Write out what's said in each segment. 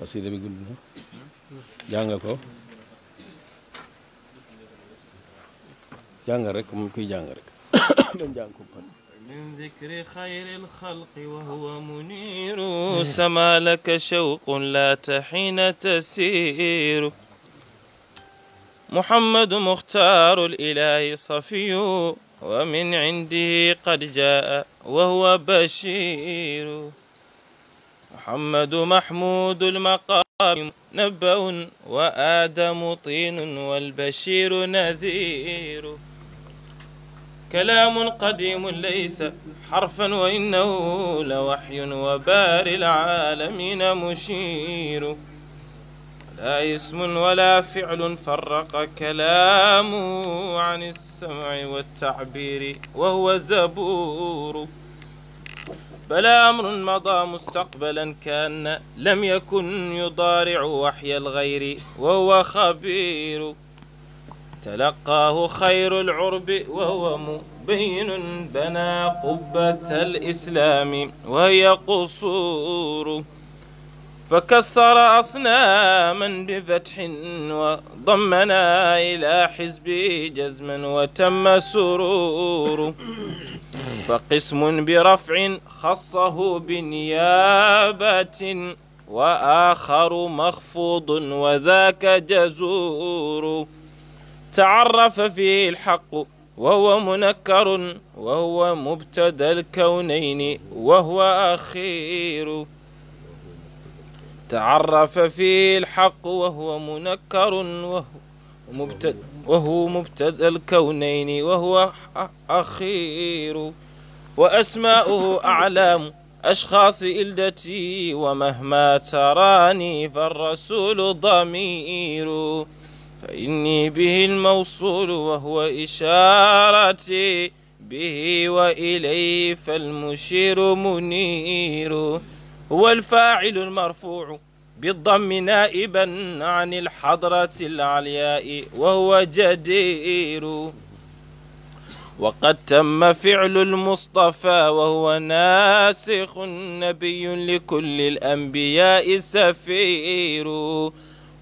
xasida bi gudd na jàng ko jàng rek moom kuy jàng rek dañ jàng ko pan من ذكر خير الخلق وهو منير سما لك شوق لا تحين تسير محمد مختار الإله صفي ومن عنده قد جاء وهو بشير محمد محمود المقام نبأ وآدم طين والبشير نذير كلام قديم ليس حرفا وإنه لوحي وبار العالمين مشير لا اسم ولا فعل فرق كلامه عن السمع والتعبير وهو زبور بل أمر مضى مستقبلا كان لم يكن يضارع وحي الغير وهو خبير تلقاه خير العرب وهو مبين بنى قبة الإسلام وهي قصور فكسر أصناما بفتح وضمنا إلى حزبه جزما وتم سرور فقسم برفع خصه بنيابة وآخر مخفوض وذاك جزور تعرف فيه الحق وهو منكر وهو مبتدا الكونين وهو أخير تعرف فيه الحق وهو منكر وهو مبتدا وهو مبتدأ الكونين وهو أخير وأسماؤه أعلام أشخاص إلدتي ومهما تراني فالرسول ضمير فإني به الموصول وهو إشارتي به وإليه فالمشير منير هو الفاعل المرفوع بالضم نائبا عن الحضرة العلياء وهو جدير وقد تم فعل المصطفى وهو ناسخ نبي لكل الأنبياء سفير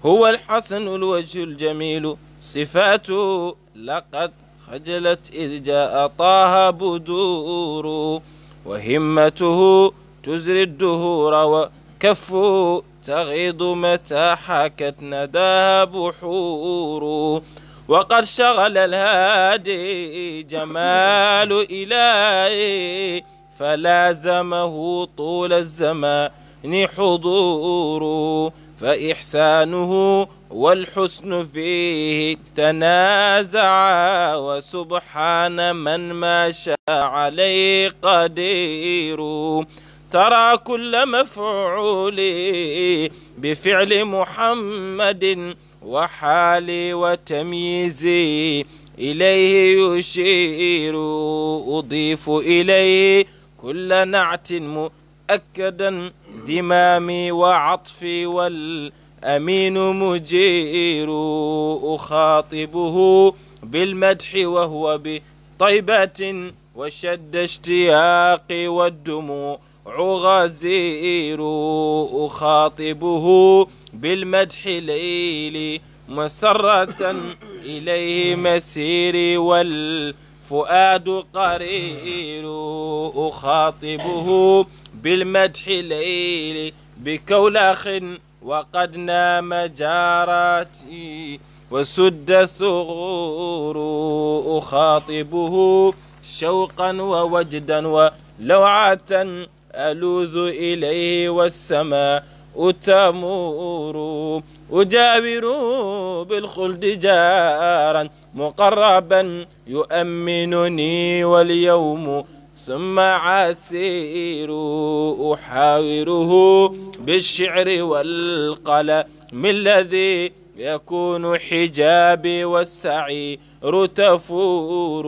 هو الحسن الوجه الجميل صفاته لقد خجلت إذ جاء طه بدور وهمته تزري الدهور وكف تغيض متى حكت نداها بحور وقد شغل الهادي جمال إلهي فلازمه طول الزمان حضور فإحسانه والحسن فيه تنازعا وسبحان من ما شاء عليه قدير ترى كل مفعول بفعل محمد وحالي وتمييزي إليه يشير أضيف إليه كل نعت مؤكدا ذمامي وعطفي والأمين مجير أخاطبه بالمدح وهو بطيبة وشد اشتياقي والدموع عغزير أخاطبه بالمدح ليلي مسرة إليه مسيري والفؤاد قرير أخاطبه بالمدح ليلي بكولاخ وقد نام جاراتي وسد الثغور أخاطبه شوقا ووجدا ولوعة ألوذ إليه والسماء أتمور أجاور بالخلد جارا مقربا يؤمنني واليوم ثم عسير أحاوره بالشعر والقلم الذي يكون حجابي والسعي رتفور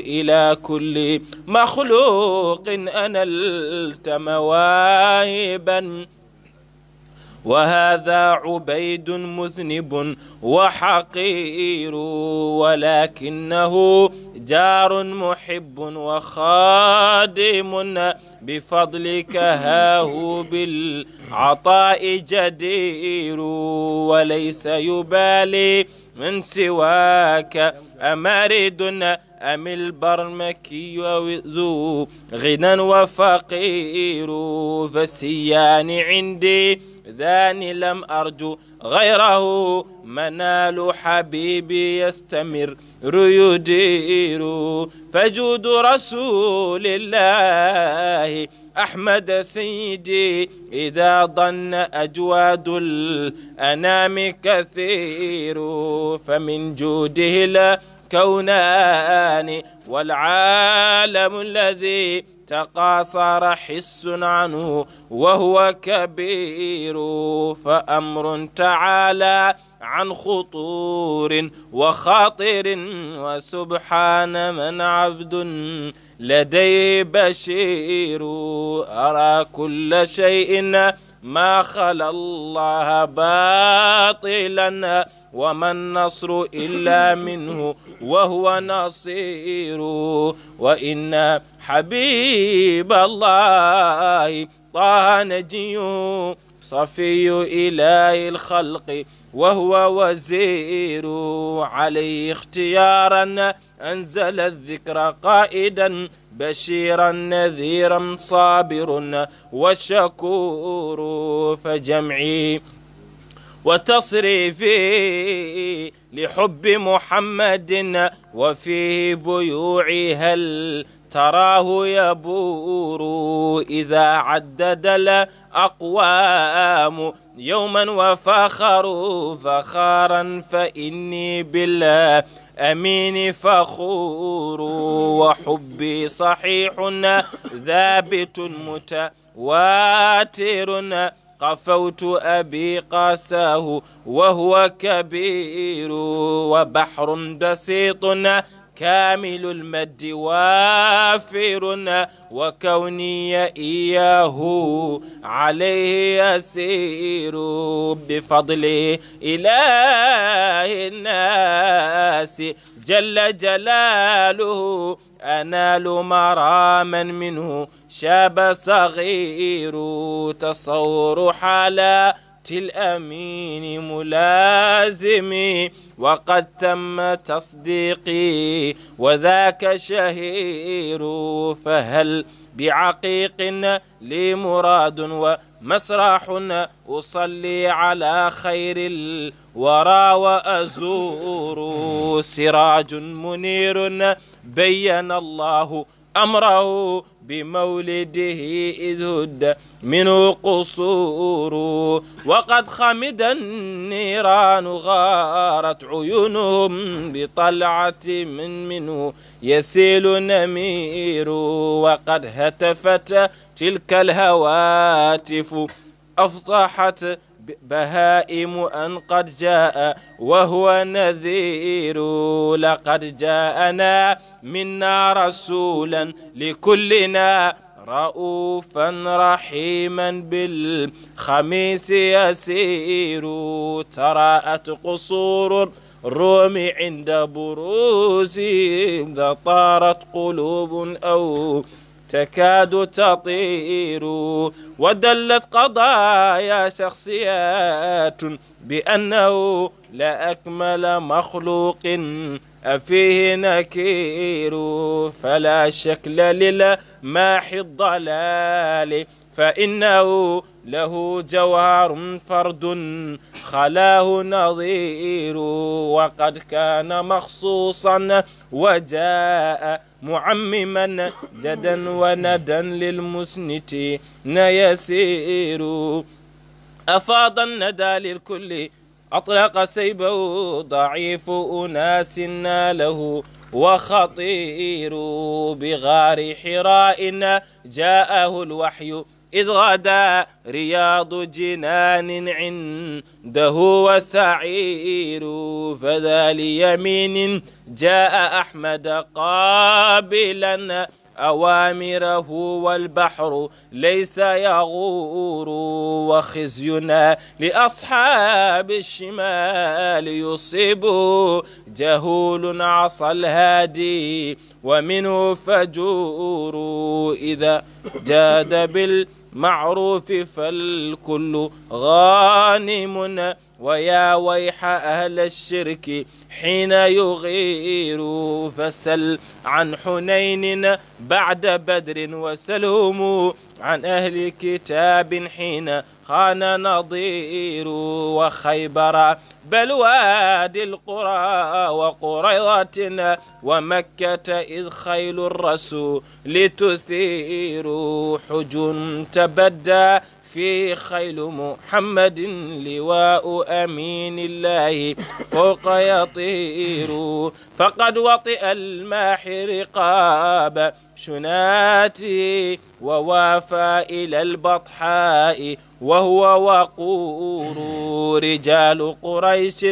إلى كل مخلوق أنلت مواهبا وهذا عبيد مذنب وحقير ولكنه جار محب وخادم بفضلك هاه بالعطاء جدير وليس يبالي من سواك أمارد أم البرمكي ذو غنى وفقير فالسيان عندي ذاني لم أرجو غيره منال حبيبي يستمر يدير فجود رسول الله أحمد سيدي إذا ضن أجواد الأنام كثير فمن جوده الكونان والعالم الذي تقاصر حس عنه وهو كبير فأمر تعالى عن خطور وخاطر وسبحان من عبد لديه بشير أرى كل شيء ما خلا الله باطلا وما النصر إلا منه وهو نصير وإنا حبيب الله طه نجي صفي إله الخلق وهو وزير عليه اختيارا أنزل الذكر قائدا بشيرا نذيرا صابر وشكور فجمعي وتصريفي لحب محمد وفيه بيوعي هل تراه يبور إذا عدد الأقوام يوما وفخروا فخارا فإني بالله أمين فخور وحبي صحيح ثابت متواتر قفوت أبي قاساه وهو كبير وبحر دسيط كامل المد وافر وكوني إياه عليه يسير بفضله إله الناس جل جلاله أنال مراما منه شاب صغير تصور حلا الأمين ملازمي وقد تم تصديقي وذاك شهير فهل بعقيق لي مراد ومسرح أصلي على خير الورى وأزور سراج منير بين الله أمره بمولده إذ هد منه قصور وقد خمد النيران غارت عيونهم بطلعة من منه يسيل نمير وقد هتفت تلك الهواتف أفضحت بهائم أن قد جاء وهو نذير لقد جاءنا منا رسولا لكلنا رؤوفا رحيما بالخميس يسير تراءت قصور الروم عند بروزهم ذا طارت قلوب أو تكاد تطير ودلت قضايا شخصيات بأنه لا أكمل مخلوق أفيه نكير فلا شكل للماح الضلال فإنه له جوهر فرد خلاه نظير وقد كان مخصوصا وجاء معمما جدا وندا للمسنت نيسير أفاض الندى للكل أطلق سيبه ضعيف أناس ناله وخطير بغار حراء جاءه الوحي إذ غدا رياض جنان عنده وسعير فذا ليمين جاء أحمد قابلا أوامره والبحر ليس يغور وخزينا لأصحاب الشمال يصيب جهول عصى الهادي ومنه فجور إذا جاد بال معروف فالكل غانم wa yaa wayxa ahla shirki xiina yugiiru fasal an xunaynin bacda badrin wasalhumu an ahli kitaabin xiina xaana nadiiru wa xaybara bal waadi alqura wa quraydatin wa makkata id xaylu rasuli tuthiiru xujun tabadda في خيل محمد لواء أمين الله فوق يطير فقد وطئ الماحي رقاب شناتي ووافى إلى البطحاء وهو وقور رجال قريش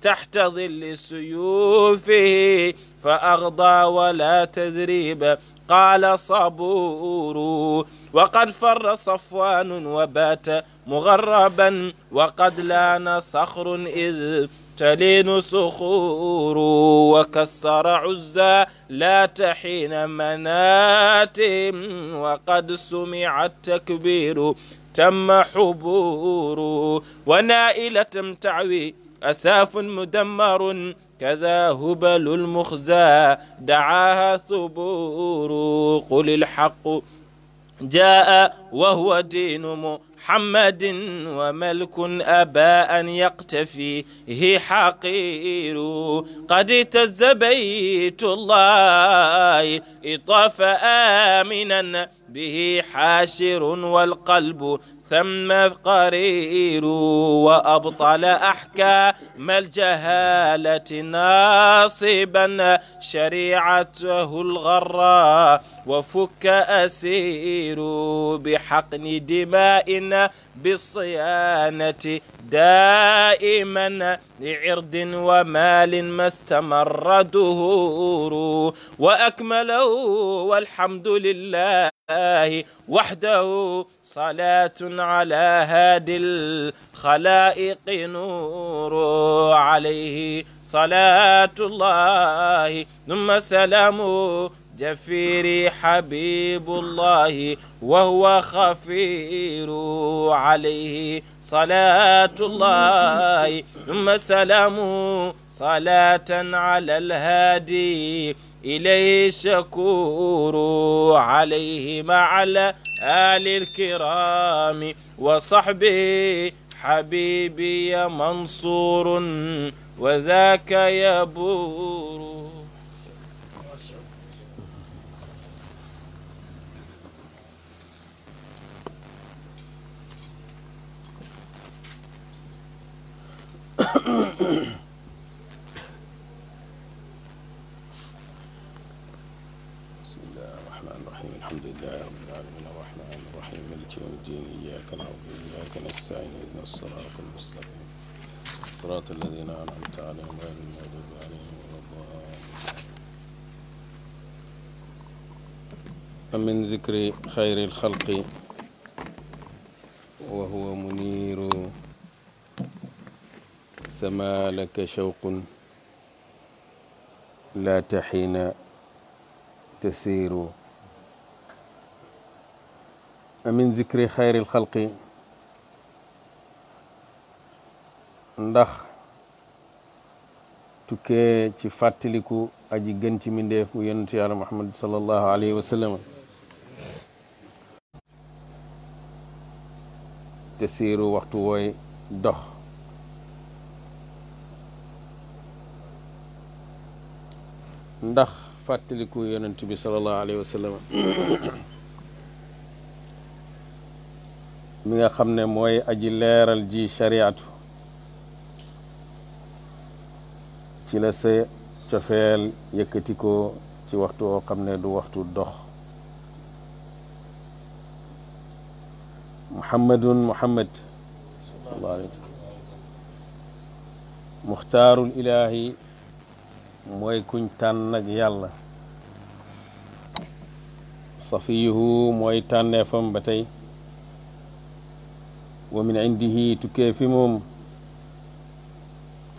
تحت ظل سيوفه فأغضى ولا تذريب قال صبور وقد فر صفوان وبات مغربا وقد لان صخر إذ تلين صخور وكسر عزى لا تحين منات وقد سمع التكبير تم حبور ونائلة تعوي أساف مدمر كذا هبل المخزى دعاها ثبور قل الحق جاء وهو دين محمد وملك أبى أن يقتفيه حقير قد تز بيت الله إطاف آمنا به حاشر والقلب ثم قرير وأبطل أحكام الجهالة ناصبا شريعته الغراء وفك أسير بحقن دمائنا بالصيانة دائما لعرض ومال ما استمر دهور وأكمله والحمد لله الله وحده صلاة على هادي الخلائق نور عليه صلاة الله ثم سلامه جفيري حبيب الله وهو خفير عليه صلاة الله ثم سلام صلاة على الهادي إليه شكور عليه مع الآل الكرام وصحبه حبيبي منصور وذاك يبور bismillahi rahmaani rahiim alhamdulillahi rabbil aalamiin arrahmaani rahiim maaliki yawmi ddiin iyyaaka na'budu wa iyyaaka nasta'iin ihdinas siraatal mustaqiim siraatal laziina an'amta alayhim ghayril maghduubi alayhim wa lad-daalliin min zikri xayril xalqi wa huwa muniiru sama laka shawqun laa taxiina tasiiru amin zikri xayril xalqi ndax tukkee ci fàttaliku aji gën ci mindeef mu yonentu yàlla muhammad sallallahu alayhi wa sallam tasiiru waxtu wooy dox ndax fàttaliku yonent bi sallallahu alayhi wa sallam xam ne mooy aji leeral ji shariatu ci la sa cofeel yëkkatikoo ci waxtu woo xam ne du waxtu dox muhammadun muhammad sallallahu alayhi mooy kuñ tànn ak yàlla safiyuhu mooy tànneefam ba tey wa min indihi tukkee fi moom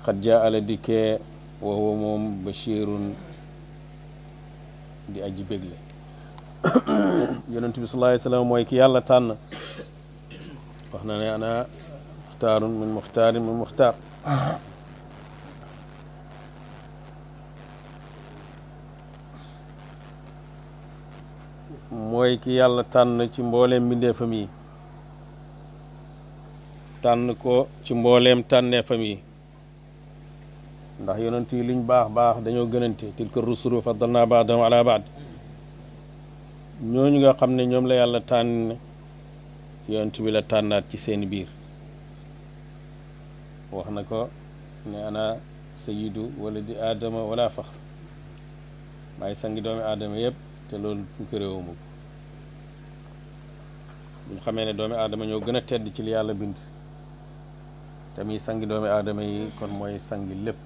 xat jaa ala dikkee wa huwa moom bashirun di aji bégle yonent bi sallallahu alayhi wasallam mooy ki yàlla tànn wax na ne ana muxtaarun min muxtaarin min muxtaar mooy ki yàlla tànn ci mbooleem mbindeefam yi tànn ko ci mbooleem tànneefam yi ndax yonent yi baax baax dañoo gënante tilka rusulu faddalna baadahum ala baad ñooñu nga xam ne ñoom la yàlla tànn yonent bi la tànnaat ci seen biir wax na ko ne ana sayyidu wala di aadama wala fax maay sangi doom aadama yëpp te lool puukaréewu ma ko ñu xamee ne doomi adama ñoo gën a tedd ci li yàlla bind te muy sangi doomi aadama yi kon mooy sangi lépp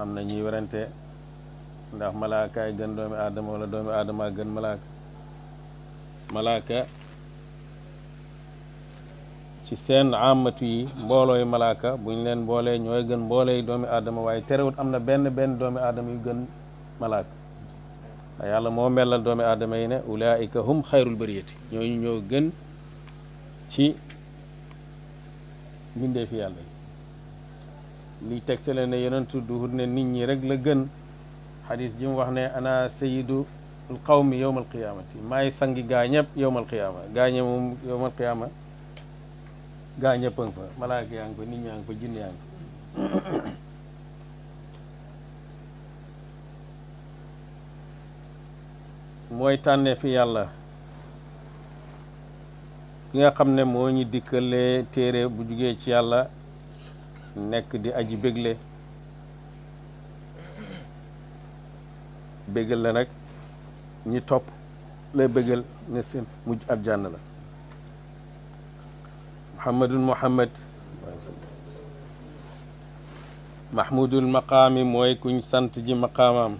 am na ñuy werante ndax malaakaay gën doomi aadama wala doomi aadama gën malaaka malaaka ci seen amatu yi mboolooy malaaka buñ leen mboolee ñooy gën mboolee doomi adama waaye terewut am na benn benn doomi aadama yu gën malaaka yàlla moo melal doomi aadama yi ne ulaayika hum xayrul bariyati ñooñu ñoo gën ci mbindee fi yàlla yi liy tegtale ne yonentu duhut ne nit ñi rek la gën xadis ji wax ne ana seyidu al qawmi yowmal qiyaamati maay sangi gaa ñëpp yowmal qiyaama gaa ñe moom yowmal qiyaama gaa ñëpp a ngi fa malaaka yaa ngi fa nit yaa ngi mooy tànnee fi yàlla ki nga xam ne moo ñu dikkalee téere bu jugee ci yàlla nekk di aji bégle bégal la nag ñi topp lay bégal ne seen mujj aljanna la muhammadun muhammad mahmudul maqaami mooy kuñ sant ji maqaamaam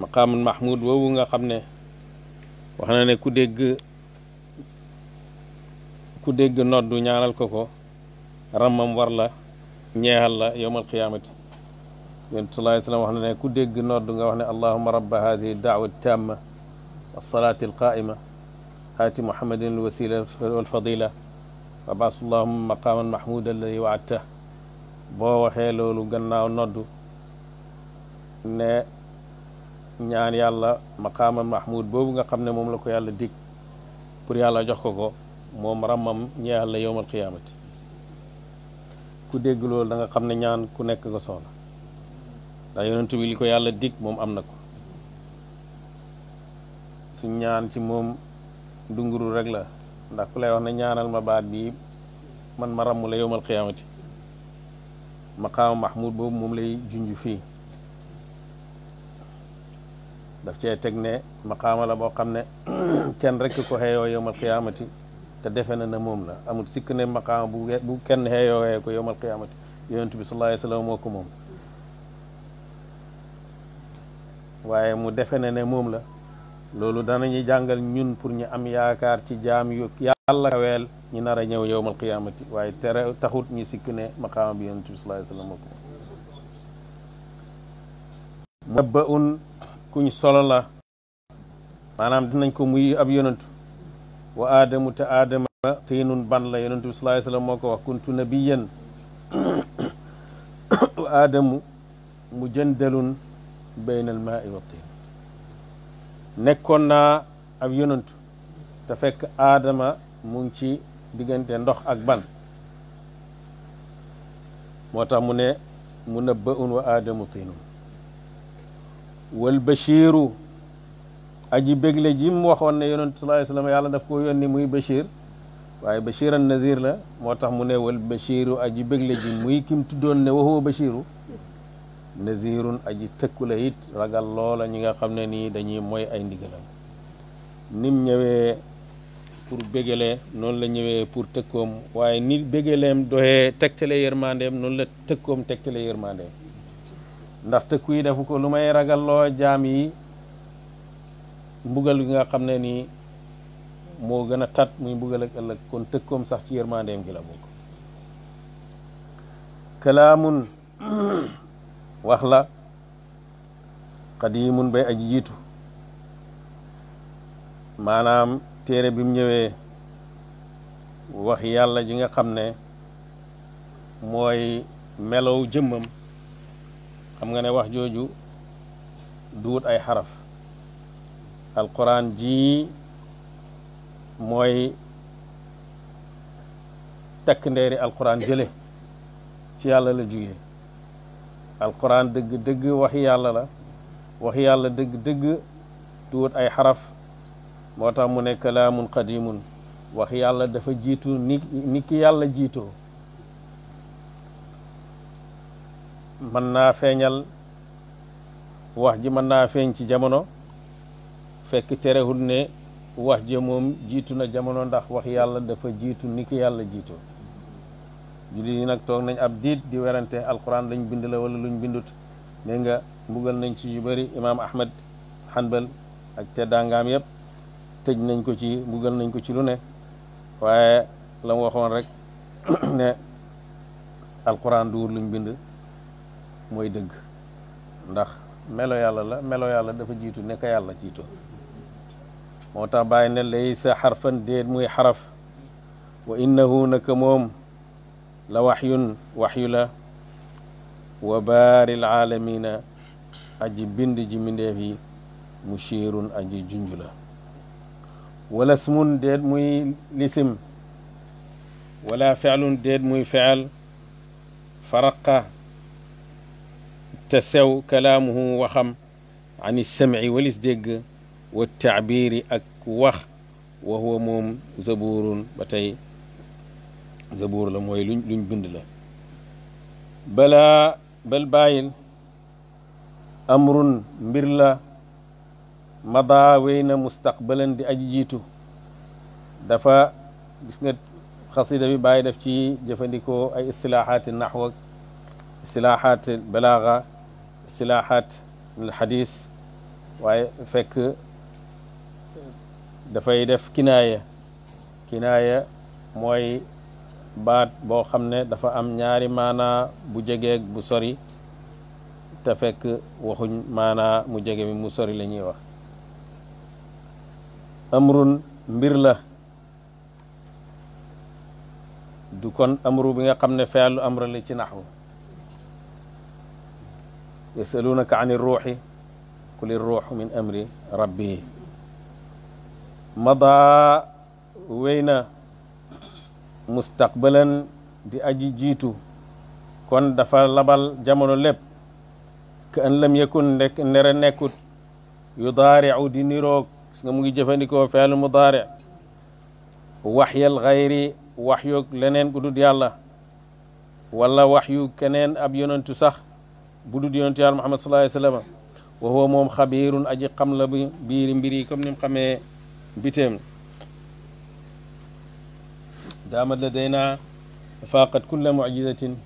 maqaamul mahmud woowu nga xam ne wax na ne ku dégg ku dégg noddu ñaanal ko ko ramam war la ñeexal la yowmal qiyaamati yonent sallallahu alayhi wa sallam wax na ne ku dégg noddu nga wax ne allahuma rabba hadihi daawa tamma wassalaati alqaa'ima aati muhammadin alwasila walfadila wa baas allahuma maqaaman mahmuda alladi waadta boo waxee loolu gannaaw noddu ne ñaan yàlla maqaama mahmud boobu nga xam ne moom la ko yàlla dig pour yàlla jox ko ko moom ràmmam ñeyàl la yowmal qiyaamati ku dégg loolu da nga xam ne ñaan ku nekk nga soxla ndax yonentu li ko yàlla dig moom am na ko su ñaan ci moom dunguru rek la ndax ku lay wax ne ñaanal ma baat bii man ma ràmm la yowmal qiyaamati maqaama mahmud boobu moom lay junj fii daf cee teg ne maqaama la boo xam ne kenn rek ko xeeyoo yowmal qiyaamati te defe na ne moom la amut sikk ne maqaama bu bu kenn xeeyoo xee ko yowmal qiyaamati yonent bi sallallahu alayhi wa sallam moo ko moom waaye mu defe na ne moom la loolu dana danañu jàngal ñun pour ñu am yaakaar ci jaam yu yàlla kaweel ñu nar a ñëw yowmal qiyaamati waaye tere taxut ñu sikk ne maqaama bi yonent bi sallallahu alayhi wa sallam moo ko kuñ solo la maanaam dinañ ko muy ab yonantu wa aadamu te aadama tey nun ban la yonantu bi sallallahu alayhi wasallam moo ko wax kuntu nabiyyan wa aadamu mujandalun bayna almaai wa tin nekkoon naa ab yonantu te fekk aadama mu ci diggante ndox ak ban moo tax mu ne mu nabbaun wa aadamu tinun wal bashiru aji bégle ji mu waxoon ne yonent sallallahu alayhi wa yàlla def ko ni muy bashir waaye bashir an nazir la moo tax mu ne wal bashiru aji bégle ji muy kim tuddoon ne waxoo bashiru nazirun aji tëkku la it ragal loola ñi nga xam ne nii dañuy mooy ay ndigalam nim ñëwee pour bégale noonu la ñëwee pour tëkkoom waaye ni bégaleem doxee tegtale yërmandeem noonu la tëkkoom tegtale yërmandeem ndax tëkku yi defu ko lu may ragalloo jaam yi mbugal gi nga xam ne nii moo gën a tat muy mbugal ak ëllëg kon tëkkoom sax ci yërmandeem gi la bokk kalaamun wax la qadimun bay aji jiitu maanaam téere bi mu ñëwee wax yàlla ji nga xam ne mooy melow jëmmam xam nga ne wax jooju duut ay xaraf alquran ji mooy takk ndeeri alquran jële ci yàlla la jugee alquran dëgg dëgg waxi yàlla la waxi yàlla dëgg dëgg duut ay xaraf moo tax mu ne kalaamun qadimun wax yàlla dafa jiitu ni ni yàlla jiitoo mën naa feeñal wax ji mën naa feeñ ci jamono fekk terewul ne wax ji moom jiitu na jamono ndax wax yàlla dafa jiitu ni yàlla jiitu jullit yi nag toog nañ ab diit di werante alquran lañ bind la wala luñ bindut ne nga mbugal nañ ci yu bëri imaam ahmad hanbal ak teddaangaam yëpp tëj nañ ko ci mbugal nañ ko ci lu ne waaye la waxoon rek ne alquran duur luñ bind mooy dëgg ndax melo yàlla la melo yàlla dafa jiitu ne yàlla jiito moo tax bàyyi ne laysa xarfan déet muy xaraf wa innahu moom la waxyun waxyu la wa baaril aalamina aji bind ji mindeef yi mushiirun aji junj la wala smun déet muy lisim wala feclun déet muy fecel faraqa te sew kalaamuhu waxam an issamci walis dégg wa taabiri ak wax wa huwa moom zabuurun ba tey zabuur la mooy luñ luñ bind la balaa bal bàyyil amrun mbir la madaa wey na mustaqbalan di aji jiitu dafa gis nga xasida bi bàyyi def ci jëfandikoo ay istilaaxaati naxw ak istilaaxaati balaaxa istilahaat al xadis waaye fekk dafay def kinaaye kinaaye mooy baat boo xam ne dafa am ñaari maanaa bu jegeeg bu sori te fekk waxuñ maanaa mu jege mu sori la ñuy wax amrun mbir la du kon amru bi nga xam ne feelu amra la ci naxwu yasalunaka an ruuxi quli ruuxu min amri rabbi mada wéy na mustaqbalan di aji jiitu kon dafa labal jamono lépp ka an lam yakun ndek ndere nekkut yudaariu di niroog gis nga mu ngi jëfandikoo feelu mudaari waxyal xayri wax yoog leneen ku dut yàlla wala wax yu keneen ab yonentu sax bu dul yonent yàlla Muhammad sallallahu wa huwa moom xabiirun aji xam la bi biiri mbir yi comme ni mu xamee biteem daamat la daynaa faaqat kulla mujizatin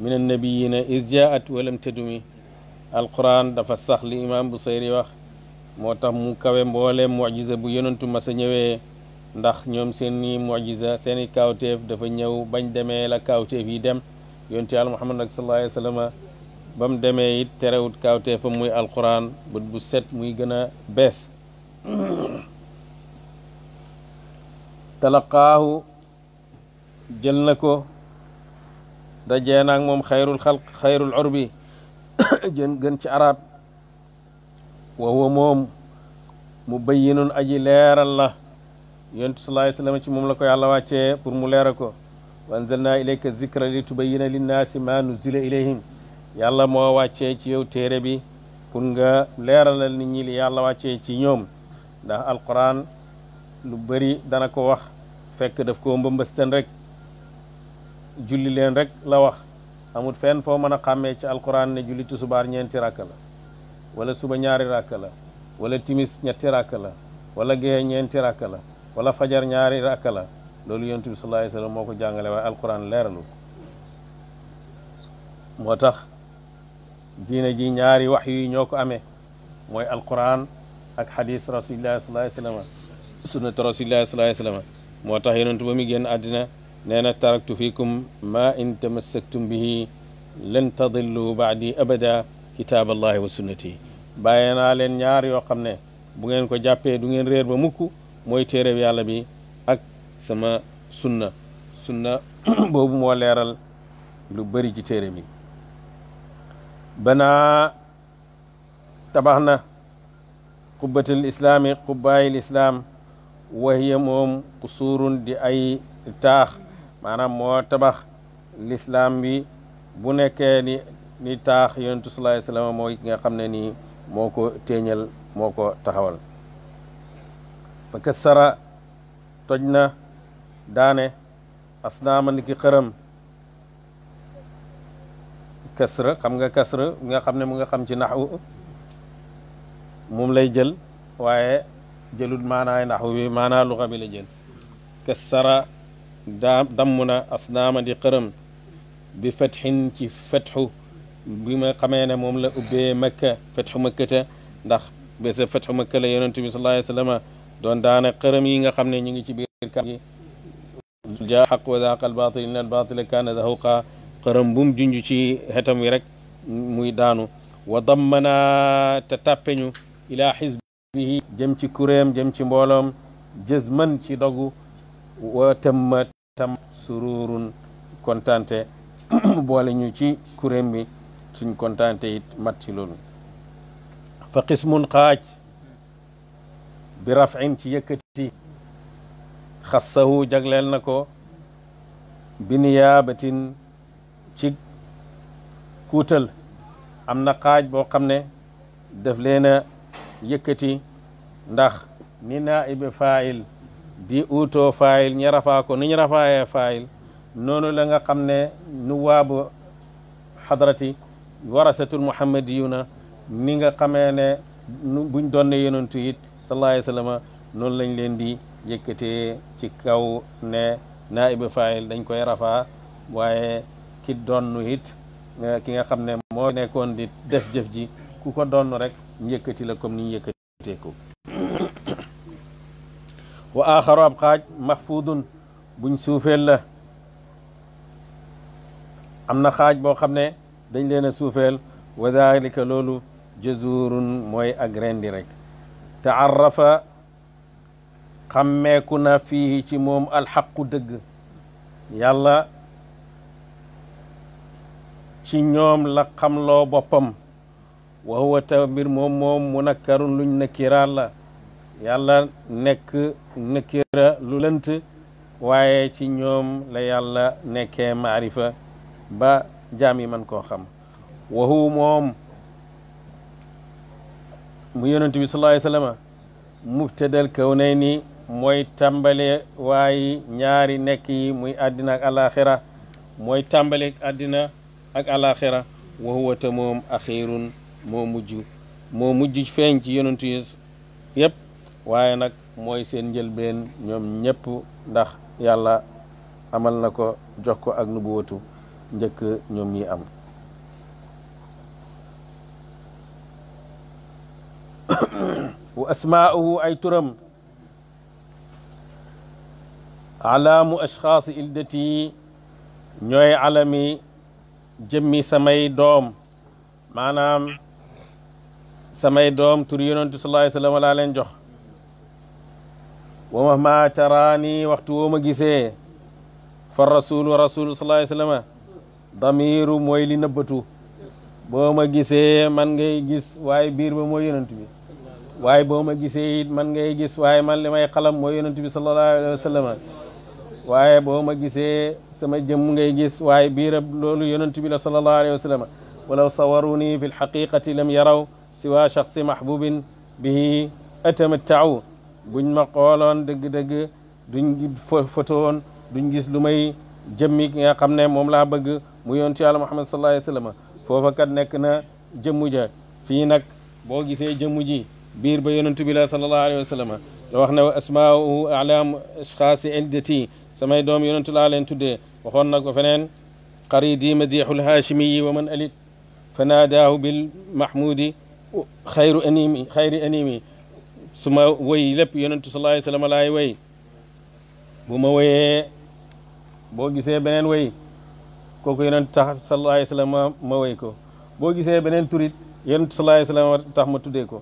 min annabiyina is jaat walam tadumi alquran dafa sax li imam Busayri wax moo tax mu kawe mbooleem mujiza bu yonentu masa a ñëwee ndax ñoom seen i mujiza seen i kaawteef dafa ñëw bañ demee la kaawteef yi dem yonent yàlla Muhammad nag sallallahu alayhi wa ba mu demee it terewut kawtee fa muy alquran bët bu set muy gën a bees talaqaahu jël na ko dajee naag moom xayrul xalq xayrul urbi jën gën ci arab wa huwa moom mu bayyinun aji leeral la yontu sallallahu alayhi wa ci moom la ko yàlla wàccee pour mu leera ko wa anzalna ilayka zikra li tubayyina linnaasi ma nuzila ilayhim yàlla moo wàccee ci yow téere bi pour nga leeralal nit ñi li yàlla wàccee ci ñoom ndax alquran lu bari dana ko wax fekk daf ko mbëmbëstan rek julli leen rek la wax amul fenn foo mën a xàmmee ci alquran ne julli tusubaar ñeenti ràkk la wala suba ñaari ràkk la wala timis ñetti ràkk la walla gee ñeenti ràkk la wala fajar ñaari ràkk la loolu yonent bi sallallahu alayhi moo ko jàngale waaye alquran leeralu moo tax diina ji ñaari wax yi ñoo ko amee mooy alquran ak hadis rasulillahi sallallahu alayhi wasallam moo tax yonentu ba mi génn àddina nee na taraktu fikum ma in tamassaktum bihi lan tadillu baadi abada kitaab allahi wa sunnati bàyyee naa leen ñaar yoo xam ne bu ngeen ko jàppee du ngeen réer ba mukku mooy téereb yàlla bi ak sama sunna sunna boobu moo leeral lu bëri ci téere bi banaa tabax na qubbatul islaami qubbaayil islaam wahiya moom qusuurun di ay taax maanaam moo tabax lislaam bi bu nekkee ni ni taax yonentu sallallahu alayhi wa sallam mooy nga xam ne nii moo ko téeñal moo ko taxawal fa kassara toj na daane asnaama ma ki xërëm kasra xam nga kasra nga xam ne mu nga xam ci naxwu moom lay jël waaye jëlul maanaay naxwu bi maanaa luxa bi la jël kasara daa damm na asnaama di xërëm bi fatxin ci fatxu bi ma xamee ne moom la ubbee makka fatxu makkata ndax bésa fatxu makka la yonent bi sallallahu alayhi wa sallam doon daana xërëm yi nga xam ne ñu ngi ci biir kaaba gi ja xaq wa zaaqal baatil inna al baatila kaana zahuqa xërëm bu mu ci xetam wi rek muy daanu wa dammana te tàppeñu ilaa xisbihi jëm ci kuréem jëm ci mbooloom jëzman ci dogu wa tëmma tam sururun kontante boole ñu ci kuréem mi suñ kontante it ci loolu fa qismun xaaj bi rafin ci yëkkati xassahu jagleel na ko bi niyaabatin ci kuutal am na kaaj boo xam ne def leen yëkkati ndax ni naibe faayil di uutoo faayil ñi rafaa ko ni ñu rafaayee faayil noonu la nga xam ne nu waabu xadrati warasatul muhammadiyuna ni nga xamee ne buñ doon ne yonentu it sallallahu alayhi wa sallam noonu lañ leen di yëkkati ci kaw ne naibe faayil dañ koy rafaa waaye ki donnu it eh, ki nga xam ne moo nekkoon di def jëf ji ku ko donnu rek njëkkati la comme ni ñu yëkkatee ko wa aaxaru ab xaaj maxfuudun buñ suufeel la am na xaaj boo xam ne dañ leen a suufeel wa dalika loolu jazurun mooy ak rendi rek taarrafa xammeeku na fii ci moom alxaqu dëgg yàlla ci ñoom la loo boppam wa huwa ta mbir moom moom munakkarun luñ nëkkiraat la yàlla nekk nëkkira lu lënt waaye ci ñoom la yàlla nekkee marifa ba jaam yi mën koo xam wa huwa moom mu yonent bi sallallahu alayhi wa sallam mubtadal kawnayni mooy tàmbale ñaari nekk yi muy àddina ak alaxira mooy tàmbale àddina ak alaxira wa huwa te moom axirun moo mujj moo mujj feeñ waaye nag mooy seen njëlbeen ñoom ñëpp ndax yàlla amal na ko jox ko ak nubuwatu njëkk ñoom ñi am wa asmaa'uhu ay turam alaamu ashxaasi ildati ñooy alami jëmmi samay doom maanaam samay doom tur yonentu sallallahu alayhi wa sallam laa leen jox wa ma maa taraani waxtu woo ma gisee fa rasulu rasulu sallallahu alayhi wa sallam damiru mooy li nëbbatu boo ma gisee man ngay gis waaye biir ba mooy yonent bi waaye boo ma gisee it man ngay gis waaye man li may xalam mooy yonent bi sallallahu alayhi wa sallam waaye boo ma gisee sama jëmm ngay gis waaye biirab loolu yonent bi la sallallahu alayhi wa wala walaw sawaruni fi lxaqiqati lam yaraw siwa shaxsi mahbubin bihi atamattau buñ ma xooloon dëgg-dëgg duñ fotoon duñ gis lu may jëmmi nga xam ne moom laa bëgg mu yonent yàlla muhammad sallallahu alayhi wa sallam foofa kat nekk na jëmm ja fii nag boo gisee jëmm ji biir ba yonent bi la sallallahu alayhi wa sallam wax ne asmaahu alam ashxaasi indati samay doom yonentu laa leen tuddee waxoon na ko feneen qaridi madixul haachimiyi wa man alit fa naadaahu bil mahmudi xayru animi xayri animi su ma woy lépp yonentu sallallahu alayhi wa sallam laay woy bu ma woyee boo gisee beneen woy kooku yonentu tax sallallahu alayhi wa sallam ma woy ko boo gisee beneen turit yonentu sallallahu alayhi wa sallam tax ma tuddee ko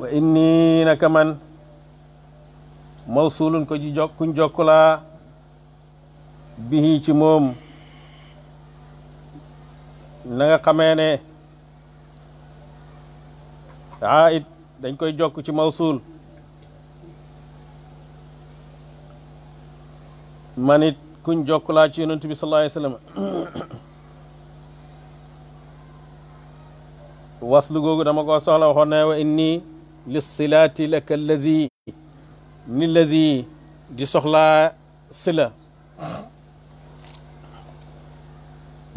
wa inni naka man mawsulun ko ji jok kuñ jokkulaa bihi ci moom na nga xamee ne aid dañ koy jokk ci mawsul man it kuñ jokkulaa ci yonent bi sallallahu alayhi dama ko soxla waxoon ne wa inni lissilaati laka allazi ni lazi di soxlaa sila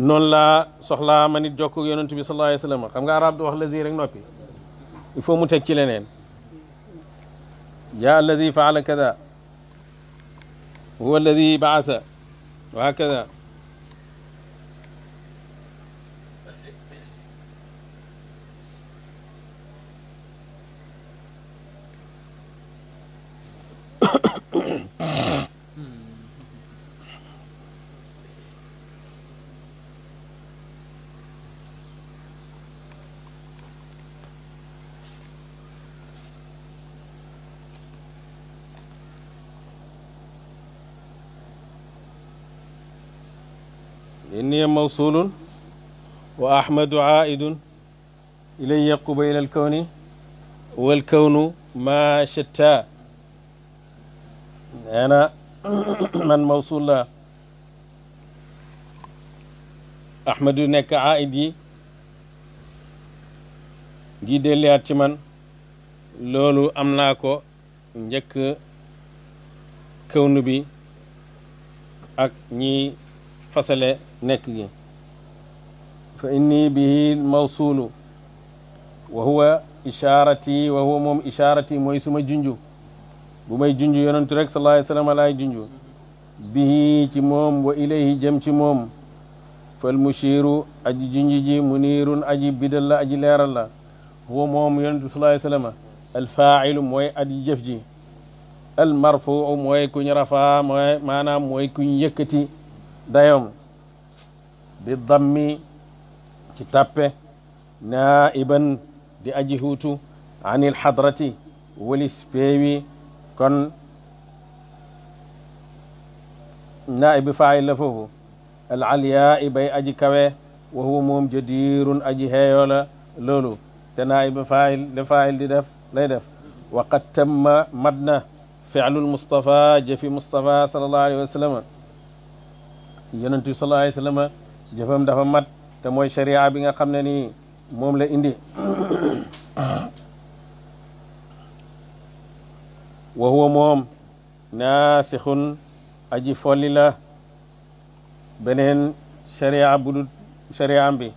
noonu laa soxlaa ma nit jokk yonentu bi sallallahu alayhi wa sallam xam nga arab du wax lazi rek noppi il faut mu teg ci leneen yaa alladi faala kada huwa alladi baasa wa hakada إني موصول وأحمد عائد إلي قبيل الكون والكون ما شتى أنا من موصول لا أحمد nekk عائد yi gi delliwaat ci man loolu am naa ko njëkk kawnu bi ak ñi fasale nekk gi fa inni bihi mawsuulu wa huwa ishaarati wa huwa moom ishaarati mooy suma junju bu may junju yonentu rek sallallahu alayhi wa junju bihi ci moom wa ilayhi jëm ci moom fal mushiru aji junju ji muniirun aji bidal aji leeral huwa moom yonentu sallallahu alayhi wa mooy aji jëf ji mooy kuñ rafaa mooy maanaam mooy kuñ yëkkati dayoom bi dammi ci tappe naiban di aji huutu anil hadrati wolis peewi kon naibi faayil la foofu al alyaa bay aji kawe wa huwa moom jadirun aji heeyo la loolu te naibi faayil le faayil di def lay def wa qad tamma mat na fi'lul Mustafa jëfi Mustafa sallallahu alayhi wa sallam yonent bi sallallahu alayhi wa sallam jëfam dafa mat te mooy sharia bi nga xam ne ni moom la indi wa huwa moom naasixun aji folli la beneen sharia bu dul bi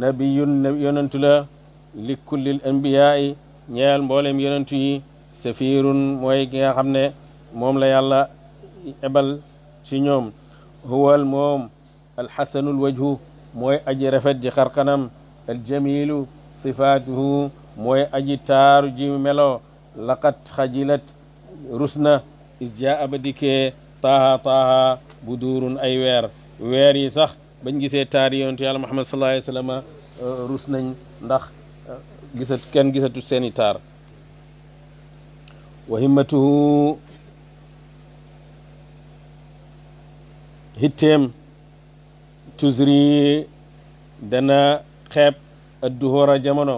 nabiyun yonentu la li kullil anbiyaa'i ñeel mboolem yonentu yi safirun mooy ki nga xam ne moom la yàlla ebal ci ñoom huwal moom alxasanul wajhu mooy aji rafet ji xarkanam aljamilu sifaatuhu mooy aji taaru ji melo laqad xajilat rusna isja aba dikkee taaha taaha bu duurun ay weer weer yi sax bañ gisee taar yonentu yàlla muhammad sallallahu alayhi wa sallam euh, rus nañ ndax euh, gisat kenn gisatu seeni taar wa himmatuhu hitteem tuzri dana xeeb adduhóora jamono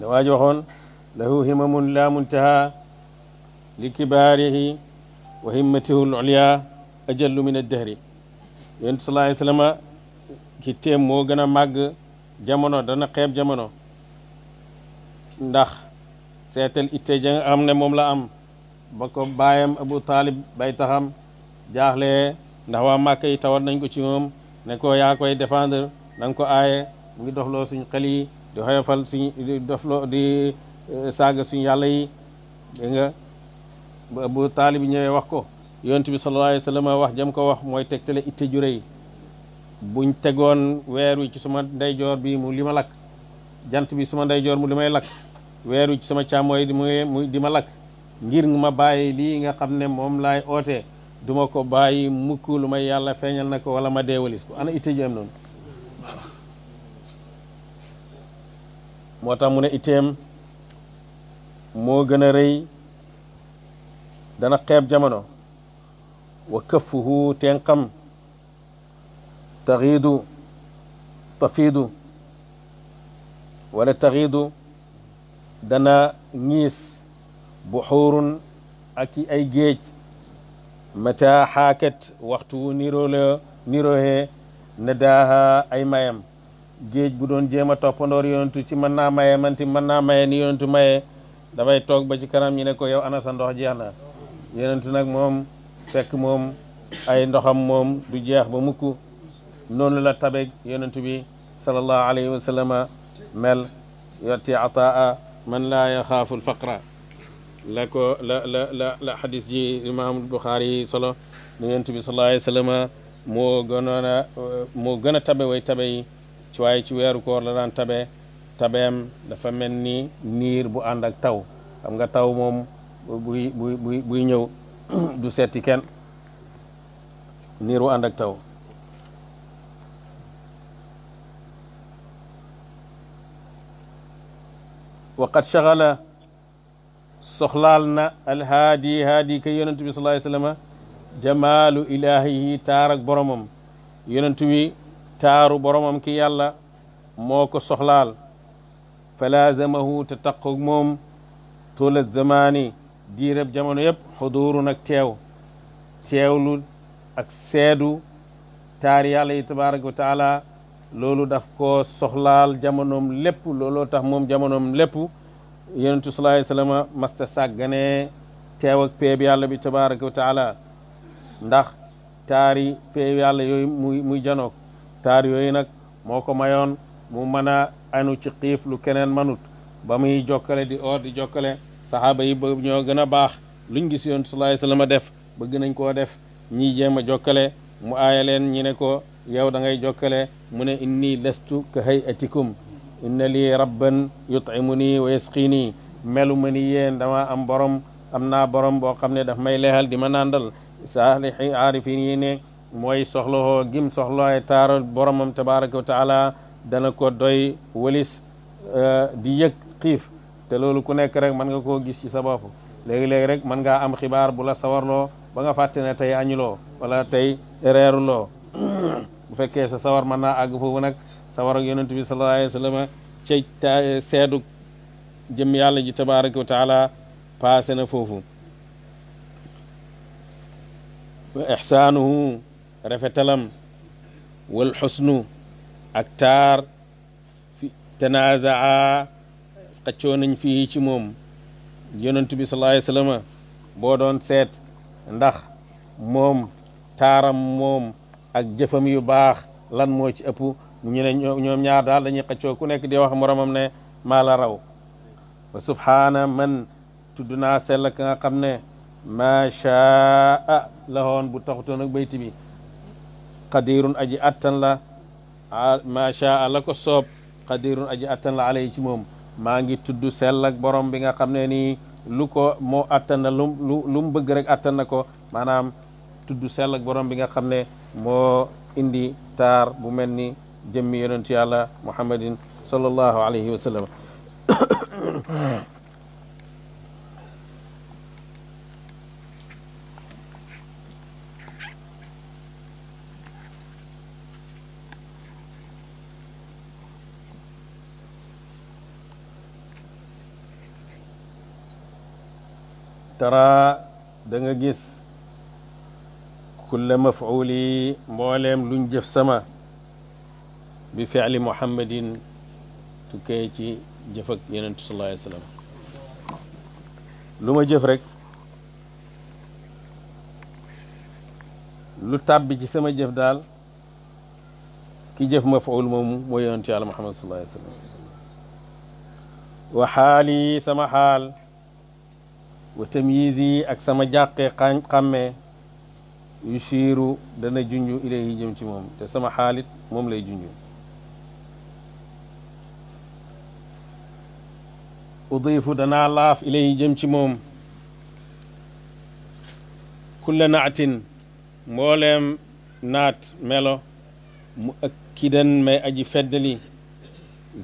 da waa ji waxoon lahu himamun la muntaha li kibaarihi wa himmatihu lulya ajallu min addahri yonent sallallahu alayhi wa sallama ki téem moo gën a màgg jamono dana xeeb jamono ndax seetal itte ja nga xam ne moom la am ba ko baayam Abu Taalib bay taxam jaaxle ndax waa màkk yi tawat nañ ko ci moom ne ko yaa koy défendre na ko aaye mu ngi doxloo suñ xel yi di xoyofal suñ di dofloo di eh, saaga suñ yàlla yi dégg nga bu taalib ñëwee wax ko yonent bi sallallahu alayhi wa sallam wax jëm ko wax mooy teg tegtale itte jure yi buñ tegoon weer wi ci suma ndeyjoor bi mu li ma lakk jant bi suma ndeyjoor mu li lakk weer wi ci sama càmmooy di mu di ma lakk ngir ma bàyyi lii nga xam ne moom laay ootee duma ko bàyyi mukk lu may yàlla feeñal na ko wala ma deewalis ko ana itte ju am noonu moo tax mu ne itteem moo gën a rëy dana xeeb jamono wa këffuhu tenqam taxiidu tafiidu wala taxiidu dana ñiis buxuurun ak i ay géej mata xaakat waxtu wu niroola niroohee na daaha ay mayam géej bu doon jéem a toppandoor yonentu ci mën naa maye man ti mën naa maye ni yonentu maye dafay toog ba ci kanam ñu ko yow ana sa ndox jeex na yonentu nag moom fekk moom ay ndoxam moom du jeex ba mukk noonu la tabeg yonentu bi sallallahu alayhi wa sallama mel yotti ataa man laa yaxaafu alfaqra la ko la la la la xadis ji imaam Buxaari solo nu yonent bi sallallahu alayhi wa sallam moo gënoon a moo gën a tabe way tabe yi ci waaye ci weeru koor la daan tabe tabeem dafa mel ni niir bu ànd ak taw xam nga taw moom buy buy buy buy ñëw du seeti kenn niir bu ànd ak taw waqad shagala soxlaal na alhaadi haadi kay yonentu bi sallallahu alayhi wa boromam yonentu taaru boromam ki yàlla moo ko soxlaal falaazamahu te taqoog moom toola zamaani diirab jamono yëpp xuduurun ak teew teewlu ak seedu taar yàlla yi tabaraka loolu daf ko soxlaal jamonoom lépp looloo tax moom jamonoom lépp yonentu salaay sallama masta sàgganee teew ak peeb yàlla bi tabaraka wa taala ndax taari peeb yàlla yooyu muy janook taari yooyu nag moo ko mayoon mu mën a anu ci xiif lu keneen manut ba muy jokkale di oor di jokkale saxaaba yi ba ñoo gën a baax luñ gis yonentu salaay sallama def bëgg nañ koo def ñii jéem a jokkale mu aaya leen ñi ne ko yow da ngay jokkale mu ne inni lestu ka hay atikum inna lii rabban yutcimu nii wa yasqini melu ma ni yéen dama am borom am naa borom boo xam ne daf may leexal di ma nandal saalixi aarifin yi ne mooy soxlawoo gim soxlawee taara boromam tabaraka wa taala dana ko doy walis euh, di yëg xiif te loolu ku nekk rek mën nga koo gis ci sa bopp léegi-léegi rek mën ngaa am xibaar bu la sawarloo ba nga fàtte ne tey añuloo wala tey reeruloo bu fekkee sa sawar man naa àgg foofu nag sawar ak yonent bi sallallahu alayhi wa sallam ca ta jëm yàlla ji tabaraka wa taala paase na foofu wa ixsaanuhu rafetalam wal xusnu ak taar fi tanazaa xëccoo nañ fii ci moom yonent bi sallallahu alayhi boo doon seet ndax moom taaram moom ak jëfam yu baax lan moo ci ëpp ñu ne ñoom ñaar daal dañuy xëccoo ku nekk di wax moromam ne maa la raw wa subhaana man tudd naa sell ka nga xam ne maashaa la hoon bu taxutoon ak bayti bi qadirun aji attan la maashaa la ko soob qadirun aji attan la alay ci moom maa ngi tudd sell ak borom bi nga xam ne nii lu ko moo attan na lu bëgg rek attan na ko maanaam tudd sell ak borom bi nga xam ne moo indi taar bu mel ni jëmmi yonent yàlla muhammadin sallallahu alayhi wa sallam tara da nga gis kulla mafuuli mbooleem luñ jëf sama bi fi'li muhammadin tukkee ci jëf ak yeneen sallallahu alayhi wa sallam lu ma jëf rek lu tàbbi ci sama jëf daal ki jëf mafuul moomu mooy yonent yàlla muhammad sallallahu alayhi wa sallam wa xaali sama xaal wa tamyiz yi ak sama jàqee xàmmee yusiiru dana junj ilayhi jëm ci moom te sama xaalit moom lay junj udiifu danaa laaf ilayhi jëm ci moom kulla naatin mbooleem naat melo mu ak kidan may aji feddali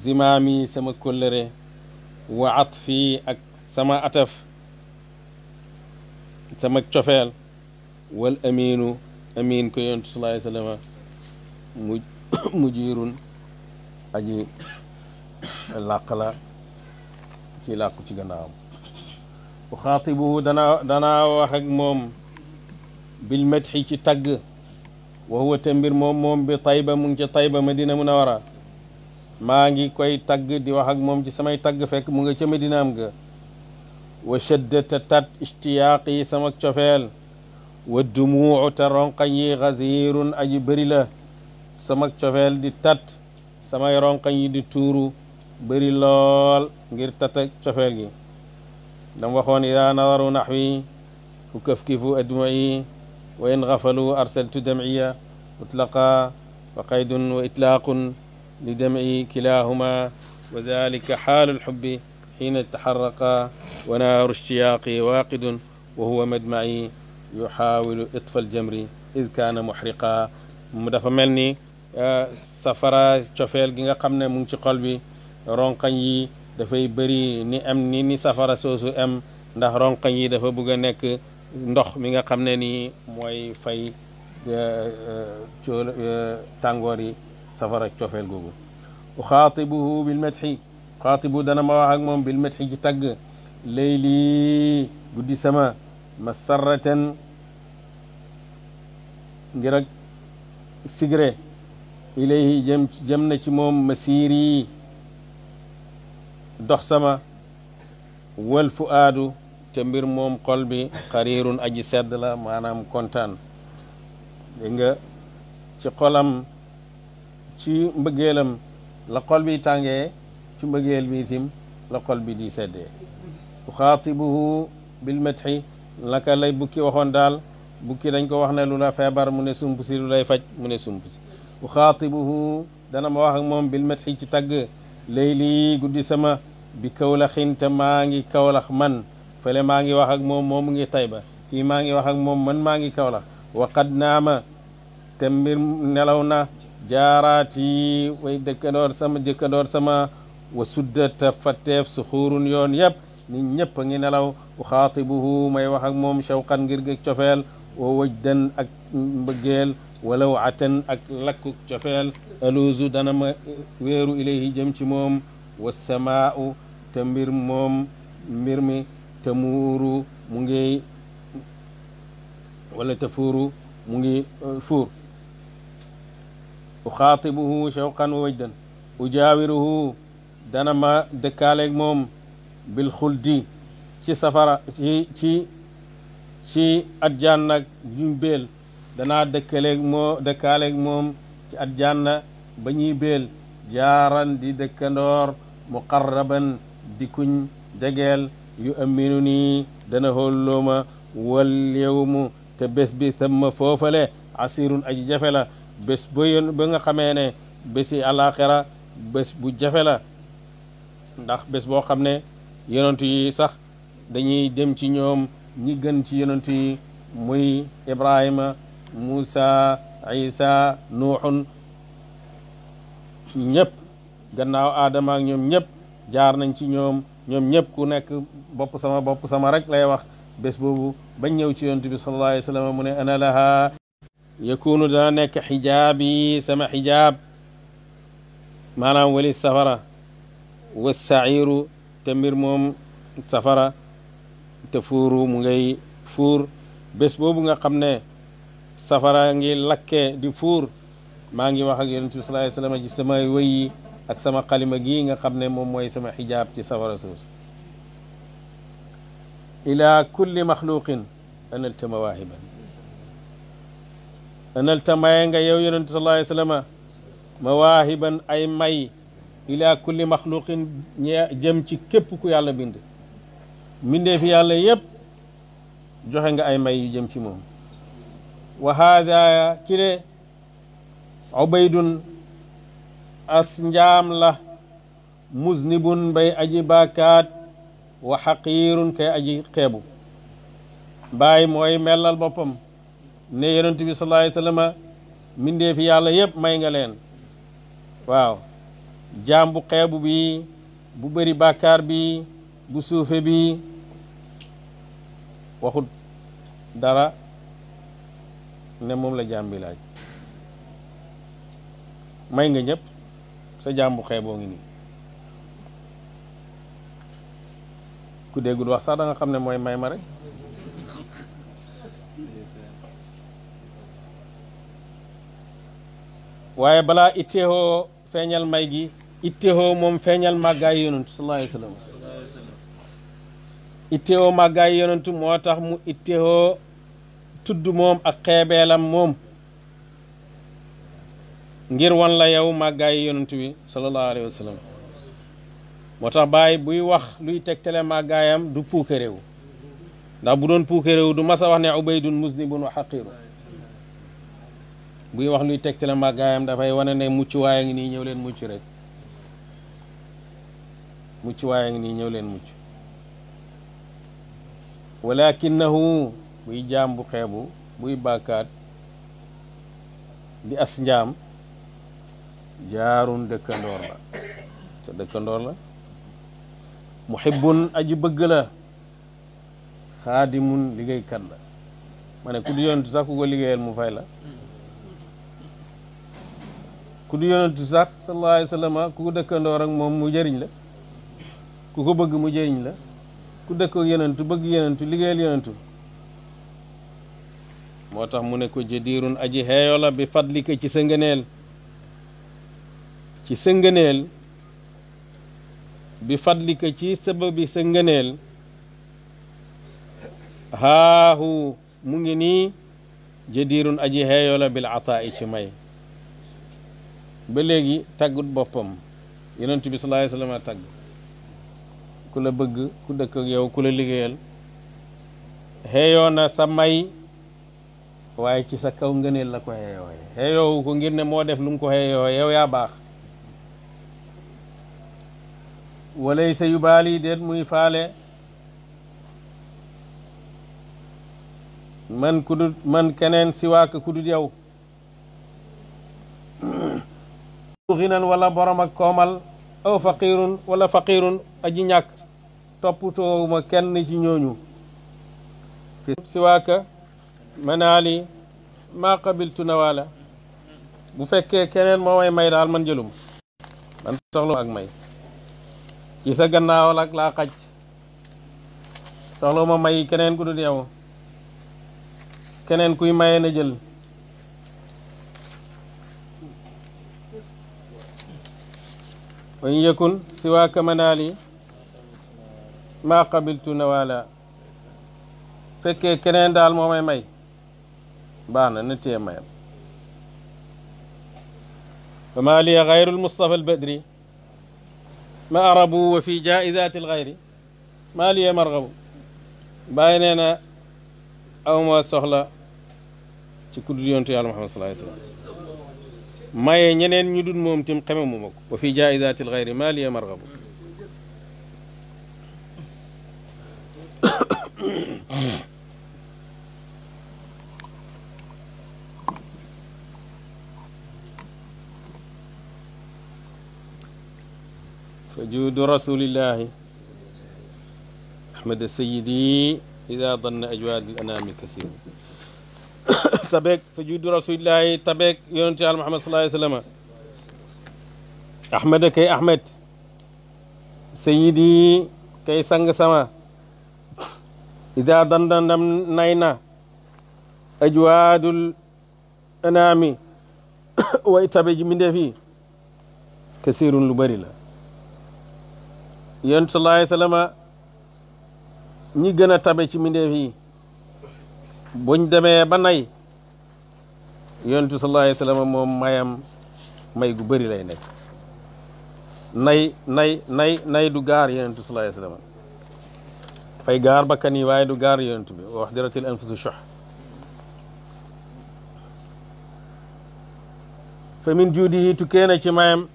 zimaami sama kóllëre wa atfi ak sama ataf sama cofeel wal amiinu amiin ko yontu salaay sallama mu mujiirun aji làq la ciy ci gannaawam uxaatibuhu danaa danaa wax ak moom bil madxi ci tagg wa huwa te mbir moom moom bi tayba mu ngi ca tayba madina munawara maa ngi koy tagg di wax moom ci samay tagg fekk mu nga ca madinaam ga wa shaddata tat ishtiyaaq yi sama cofeel wa dumuucu te ronqañ yi xasiirun aji bëri la sama cofeel di tat samay ronqañ yi di tuuru bari lool ngir tatak cofeel gi dam waxoon ida nadaru naxwi fu këf kifu admai wa in gafalu arsaltu damciya mutlaqa wa qaydun wa itlaaqun li damci kilahuma wa dalika xaalu lxubbi xiina taxaraqa wa naaru ishtiyaaqi waaqidun wa huwa madmaci yuxaawilu itfa aljamri id kaana muxriqa mu dafa mel ni ah, safara cofeel gi nga xam ne mu ngi ci xol bi ronqañ yi dafay bëri ni am ni safara soosu am ndax ronqañ yi dafa bëgg a nekk ndox mi nga xam ne nii mooy fay euh, euh, coo euh, yi safara cofeel googu uxaatibuhu bilmetxi uxaatibu dana ma wax ak moom bilmetxi ci tagg leyli guddi sama masarratan ngir ak sigré ilayhi jëm jëm na ci moom masiiri dox sama wal fu aadu te mbir moom xol bi xariirun aji sedd la maanaam kontaan dégg nga ci xolam ci mbëggeelam la xol bi tàngee ci mbëggeel bi itim la xol bi di seddee uxaatibuhu bil metxi laka lay bukki waxoon daal bukki dañ ko wax ne lu la feebar mu ne sump si lu lay faj mu ne sump si uxaatibuhu dana ma wax moom bil ci tagg lay lii guddi sama bi kawlaxin te maa ngi kawlax man fële maa ngi wax ak moom moom mu ngi tayba fii maa ngi wax ak moom man maa ngi kawlax waqad naama te mbir nelaw na jaaraat yi way dëkkandoor sama jëkkandoor sama wa suddata fatteef su xuurun yoon yëpp nit ñëpp ngi nelaw uxaatibuhu may wax ak moom shawqan ngir gëg cofeel wa wajdan ak mbëggeel walaw atan ak lakkuk cofeel aluusu dana ma wéeru ilayhi jëm ci moom wa samaa'u te mbir moom mbir mi te muuru mu ngi wala te fuuru mu ngi uh, fuur uxaatibuhu shawqan wa wajdan ujaawiruhu dana ma moom bil xuldi ci safara ci ci ci ajjanna juñ beel danaa moom ci ajjanna ba ñuy beel jaaran di dëkkandoor muqarraban di kuñ jegeel yu aminu nii dana hóollooma wal yowmu te bés bi tamma foofale asirun aji jafe la bés xamee ne bési alaxira bés bu jafe la ndax bés boo xam ne yonent yi sax dañuy dem ci ñoom ñi gën ci yonent yi muy ibrahima muusa isa nuuxun ñëpp gannaaw aadama ak ñoom ñëpp jaar nañ ci ñoom ñoom ñëpp ku nekk bopp sama bopp sama rek lay wax bés boobu bañ ñëw ci yonent bi sallallahu alayhi mu ne ana laha yakunu dana nekk xijaabi sama xijaab maanaam wali safara wa sairu te mbir moom safara te fuuru mu ngay fuur bés boobu nga xam ne safara ngi lakke di fuur maa ngi wax ak yonent bi sallallahu alayhi wa sallam ci ak sama xalima gi nga xam ne moom mooy sama xijaab ci safara suus ila kulli maxluqin analta mawaahiban analta maye nga yow yonente sallallahu alayhi wa sallama mawaahiban ay may ila kulli maxluqin jëm ci képp ku yàlla bind mbindee fi yàlla yépp joxe nga ay may yu jëm ci moom wa haada kile ubaydun as njaam la muznibun bay aji baakaat wa xaqiirun kay aji xeebu baay mooy melal boppam ne yonent bi sallallahu alayhi mindee fi yàlla yépp may nga leen waaw jaam bu xeebu bi bu bëri bàkkaar bi bu suufe bi waxut dara ne moom la jaam bi laaj may nga ñëpp sa jàmbu xeeboo ngi nii ku déggul wax sax nga xam ne mooy may ma rek waaye balaa itteewoo feeñal may gi itteewoo moom feeñal màggaayu yonentu sallallahu alayhi wa sallam itteewoo màggaayu moo tax mu itteewoo tudd moom ak xeebeelam moom ngir wan la yow màggaayi yonent bi sallallahu moo tax baay buy wax luy tegtale màggaayam du puukaréew ndax bu doon puukaréew du mas a wax ne ubaydun muznibun wa xaqiru buy wax luy tegtale màggaayam dafay wane ne mucc waaya ngi ni ñëw leen mucc rek mucc waaya ngi nii ñëw leen mucc walakinahu buy jaam bu xeebu buy bàkkaat di as njaam jaarun dëkkandoor la sa dëkkandoor aji bëgg la xaadimun liggéeykat la ma ne ku du yonentu sax ku ko liggéeyal mu fay la ku du yonentu sax sallallahu ku ko dëkkandoor ak moom mu jëriñ la ku ko bëgg mu jëriñ la ku dëkk ak yonentu bëgg yonentu liggéeyal yonentu moo tax mu ne ko jadiirun aji xeeyo la bi fadlika ci sa ngëneel ci sa ngëneel bi fadlika ci sababi sa ngëneel haahu mu ngi nii jadirun aji xeeyoo la bil ataa'i ci may ba léegi tàggut boppam yonent bi sallallahu alayhi wa ku la bëgg ku dëkk ak yow ku la liggéeyal xeeyoo sa may waaye ci sa kaw ngëneel la ko xeeyooye xeeyoowu ko ngir ne moo def lum ko xeeyoo yow yaa baax walay sa yubaali déet muy faale man kudut man keneen si waaka kudut yow xinan wala borom ak koomal aw faqirun wala faqirun aji ñàkk toppatoowuma kenn ci ñooñu fi siwaaka manaali maa qabiltu nawaala bu fekkee keneen moo may daal man jëlum man soxlu ak may ci sa gannaaw lak laa xaj soxla may keneen ku dul yow keneen kuy maye na jël wa in yakun siwaaka manaali ma qabiltu nawaala fekkee keneen daal moo may may na na téye fa maa liya xayrul Mustafa ma arabu wa fi jaaizaati lxayri maa liya margabu bàyyi nee na awma soxla ci ku dul yontu yàlla Muhammad sallallahu alayhi ñeneen ñu dul moom tim xeme mu ma ko wa fi jaaizaati lxayri maa liya margabu fa juudu rasulillahi ahmada sayidi ida danna ajwaadil anaami kasiru tabeeg fa juudu rasulillahi tabeeg yonente yàlla muhammad sallallahu alayhi wa sallam ahmada kay ahmed sayidi kay sang sama ida danda ndam nay na ajwaadul anaami way tabe ji mi ndefi kasirun lu bëri la yonent salaay sallama ñi gën a tabe ci mbindeef yi buñ demee ba nay yonent salaay sallama moom mayam may gu bëri lay nekk nay nay nay nay du gaar yonent salaay sallama fay gaar bakkan yi waaye du gaar yonent bi wax diratil anfusu shox fa min juudi yi tukkee na ci mayam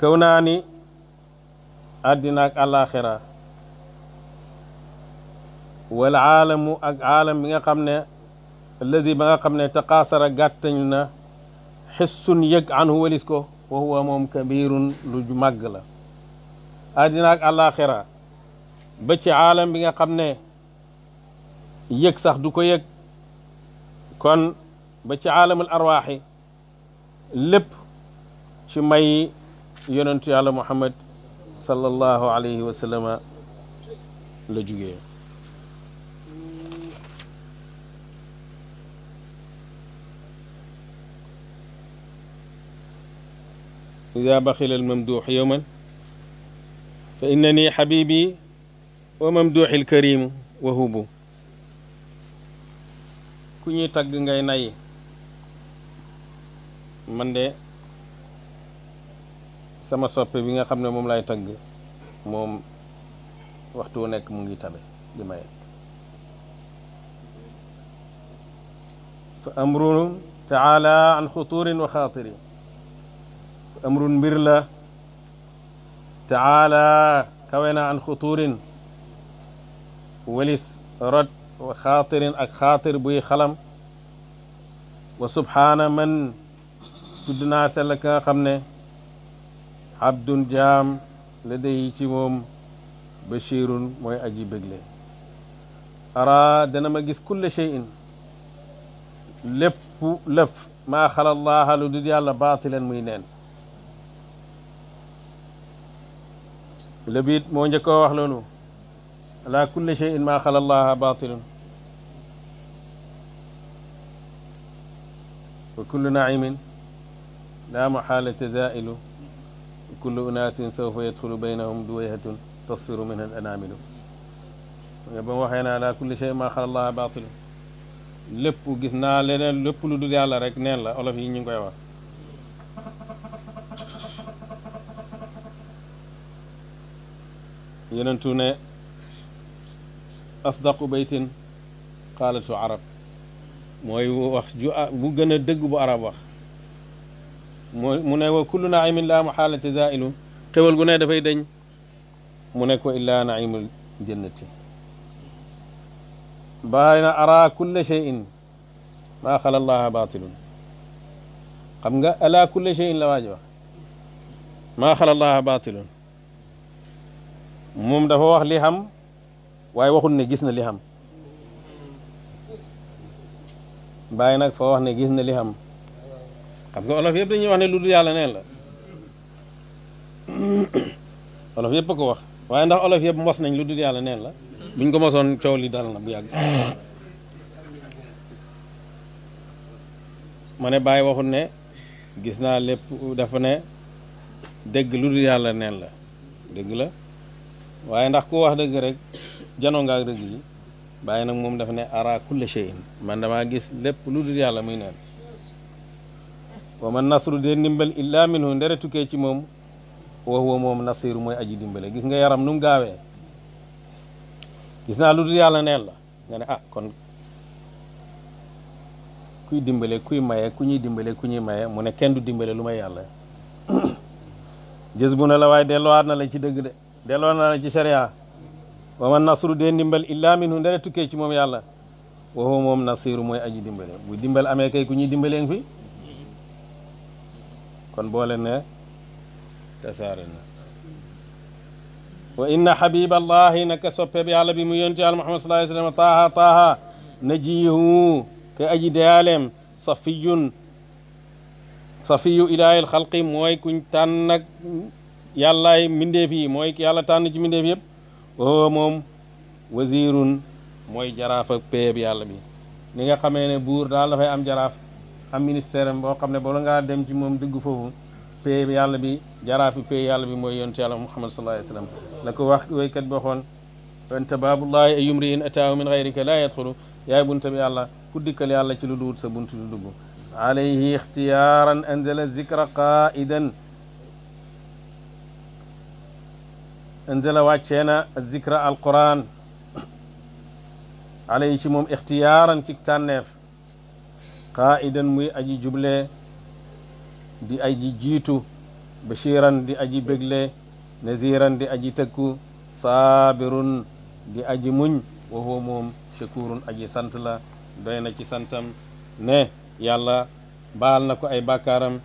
këw naa ni àddina ak àllaaxira wala aalamu ak aalam bi nga xam ne alladi ba nga xam ne taqaasara gàttañ na xissun yëg anhu walis ko wa huwa moom kabirun lu màgg la àddina ak àllaaxira ba ci aalam bi nga xam ne yëg sax du ko yëg kon ba ci aalamul arwaaxi lépp ci may yonentu yàlla muhammad sallallahu alayhi wa sallama la jugee ida baxila almamduux yowman fa innani xabibi wa mamduuxi alkarimu wa hubu ku ñuy tagg ngay nayi man de sama soppe bi nga xam ne moom lay tagg moom waxtu nekk mu ngi tabe di maye fa amrun taala an xuturin wa xaatirin fa amrun mbir la taala kawe na an xuturin walis rod wa xaatirin ak xaatir buy xalam wa subhaana man tudd naa sell ka nga xam ne abdun jaam la day ci moom bashirun mooy aji bégle ara dana ma gis kulle cheyin lépp lëf maa xalallaaha lu dul yàlla baatilan muy neen labiit moo njëkkoo wax loolu ala kulle cheyin maa xalallaaha baatilun wa kullu naimin la muxaalata zailu kullu unaasin sawfa yadxulu baynahum duwayhatun tasfiru minha al anaamilu ba mu waxee naa laa kulli shay maa xala allaha baatilu lépp gis naa leneen lépp lu dul yàlla rek neen la olof yi ñu ngi koy wax yenentu ne asdaqu baytin qaalatu arab mooy wax ju bu gën a dëgg bu arab wax mu ne wa kullu naimin la muxaalate zailu xéwal gu ne dafay deñ mu ne ko illa naimul jannati bari na ara kulle cheyin maa xala allaha batilun xam nga ala kulle cheyin la waaj wax maa xala allaha batilun moom dafa wax li xam waaye waxul ne gis na li xam bàyyi nag fa wax ne gis na li xam xam nga olof yëpp dañuy wax ne lu dul yàlla neen la olof yëpp ko wax waaye ndax olof yëpp mos nañ lu dul yàlla neen la buñ ko mosoon coow li dal na bu yàgg ma ne bàyyi waxut ne gis naa lépp dafa ne dégg lu dul yàlla neen la dégg la waaye ndax ku wax dëgg rek janoo nga dëgg yi bàyyi nag moom dafa ne ara kulle shay'in man damaa gis lépp lu dul yàlla muy neen wa man nasru dimbal ndimbal illa minhu ndere tukkee ci moom wa huwa moom nasiru mooy aji dimbale gis nga yaram nu mu gis naa lu yàlla neen la nga ne ah, dimbale kuy maye ku ñuy dimbale ku ñuy maye mu ne kenn du dimbale lu may yàlla jës bu na la waaye dellowaat na la ci dëgg de delluwaat na ci sharia wa man nasru de ndimbal illa minhu ndere tukkee ci moom yàlla wa moom nasiru mooy aji dimbale mu dimbal amee kay ku ñuy dimbaleen fi kon boole ne tasaare na wa inna habiballahi naka soppe bi yàlla bi mu yonti yàlla muhammad sallallahu alayhi wa sallam taaha taaha najihu ke aji deyalem safiyun safiyu ilaahil xalqi mooy kuñ tànn nag yàllaay mbindeef yi mooy yàlla tànn ci mbindeef yëpp oo moom wazirun mooy jaraaf ak péeb yàlla bi ni nga xamee ne buur daal dafay am jaraaf am ministère am boo xam ne bala ngaa dem ci moom dugg foofu pay yàlla bi jaraafi pay yàlla bi mooy yonent yàlla muhammad sallallahu alayhi wasallam la ko wax waykat bi waxoon anta baabullahi ay yumri in ataahu min ghayrika laa yadxulu yaay bunta bi yàlla ku dikkal yàlla ci lu duut sa buntu du dugg alayhi ixtiyaaran anzala zikra qaidan anzala wàccee na zikra alquran alayhi ci moom ixtiyaaran ci tànneef qaidan muy aji juble di aji jiitu bashiran di aji bégle naziran di aji tëkku saabirun di aji muñ wa huwa moom shakurun aji sant la doy na ci santam ne yàlla baal na ko ay bàkkaaram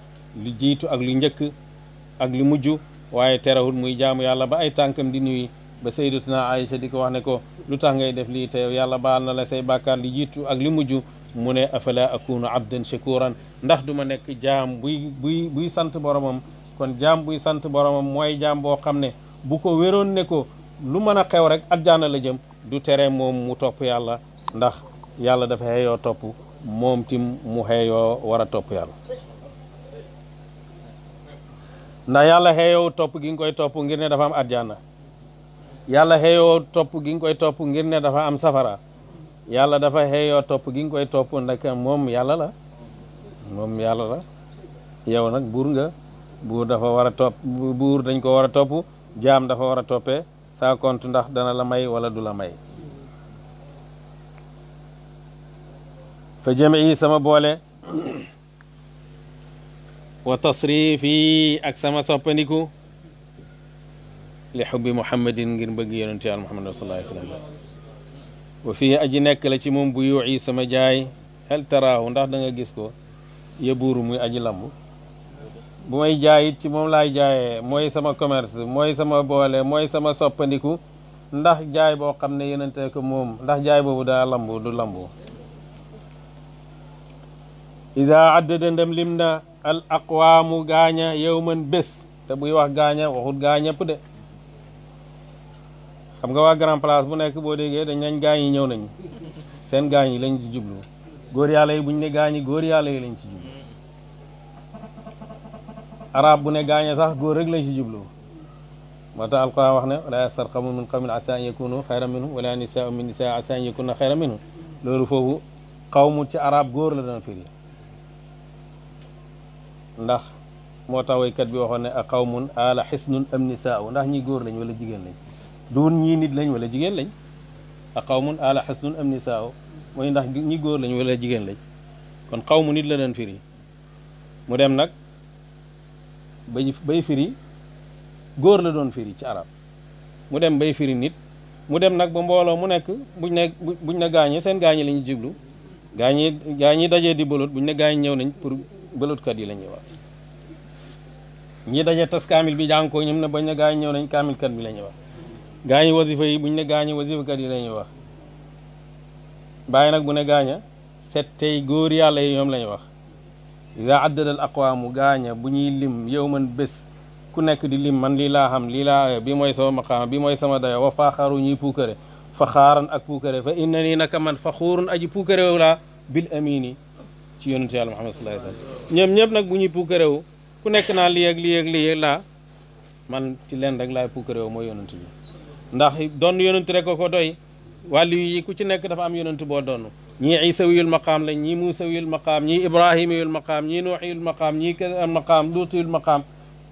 li jiitu ak lu njëkk ak lu mujj waaye terewul muy jam yàlla ba ay tànkam di nuyu ba sayyidatuna Aïcha di ko wax ne ko lu tax ngay def lii te yow yàlla baal na la say bàkkaar li jiitu ak li mujj mu ne afala akunu abdan shakuran ndax du ma nekk jaam buy buy buy sant boromam kon jaam buy sant boromam mooy jaam boo xam ne bu ko wéroon ne ko lu mën a xew rek aljaana la jëm du tere moom mu topp yàlla ndax yàlla dafa xeeyoo topp moom tim mu xeeyoo war a topp yàlla ndax yàlla xeeyoo topp gi nga koy topp ngir dafa am aljaana yàlla xeeyoo topp gi nga koy topp ngir ne dafa am safara yàlla dafa xeeyoo topp gi koy topp nag moom yàlla la moom yàlla la yow nag buur nga buur dafa war a topp buur dañ ko war a topp jaam dafa war a toppee saa ndax dana la may wala du la may fa jame sama boole wa tasrif yi ak sama soppandiku li xubbi muhammadin ngir bëgg yonente yàlla muhammad sallallahu alayhi wa sallam wa fii aji nekk la ci moom buy yuuxi sama jaay hel taraahu ndax da gis ko yebuuru muy aji lambu bu may jaay ci moom laay jaaye mooy sama commerce mooy sama boole mooy sama soppandiku ndax jaay boo xam ne yenente ko moom ndax jaay boobu daa lamb du lamb ida addada ndem lim al aqwaamu gaaña yow man bés te buy wax gaaña waxut gaañëpp de xam nga waa grand place bu nekk boo déggee dañ nañ gaañ yi ñëw nañ seen gaañ yi lañ ci jublu góor yàlla yi buñ ne gaañi yi góor yàlla yi lañ ci jublu arab bu ne gaañe sax góor rek lañ ci jublu moo tax alquran wax ne wala yastar qawmun min qawmin asa an yakunu xayran minhum wala nisaa'un min nisaa'in asa an yakunna xayran minhum loolu foofu xawmu ci arab góor la doon firi ndax moo tax waykat bi waxoon ne a qawmun ala xisnun am nisaa'u ndax ñi góor lañ wala jigéen lañ duun ñii nit lañ wala jigéen lañ a qawmun ala xasnun am nisaa mooy ndax ñi góor lañ wala jigéen lañ kon qawmu nit la leen mu dem nag bay bay firi góor la doon firi ci arab mu dem bay firi nit mu dem nag ba mbooloo mu nekk buñ ne buñ ne gaañe seen gaañe la ñu jublu gaañi gaañi dajee di bëlut buñ ne gaañ ñëw nañ pour bëlutkat yi la ñuy wax ñii dajee tas kaamil bi jàng ko ñum ne bañ ne gaañ ñëw nañ kaamilkat bi la ñuy wax gaañi wasifa yi buñ ne gaañi wasifakat yi la ñuy wax bàyyi nag bu ne gaaña set tey góor yàlla yi ñoom la ñuy wax ida addada al gaaña bu ñuy lim yow man bés ku nekk di lim man lii laa xam lii bi mooy sama maqaama bi mooy sama dayo wa faaxaru ñuy puukare fa xaaran ak puukare fa inna nii naka man fa xuurun aji puukare wu laa bil amini ci yonente yàlla muhammad sallallahu alayhi wasallam ñoom ñëpp nag bu ñuy puukare wu ku nekk naa lii ak lii ak lii laa man ci leen rek laay puukare wu mooy yonente bi ndax doon yonentu rek ko doy wàllu yi ku ci nekk dafa am yonentu boo doon ñii isawiyul maqaam lañ ñii muusawiyul maqaam ñii ibrahimiyul maqaam ñii nuuxiyul maqaam ñii kal maqaam luutiyul maqaam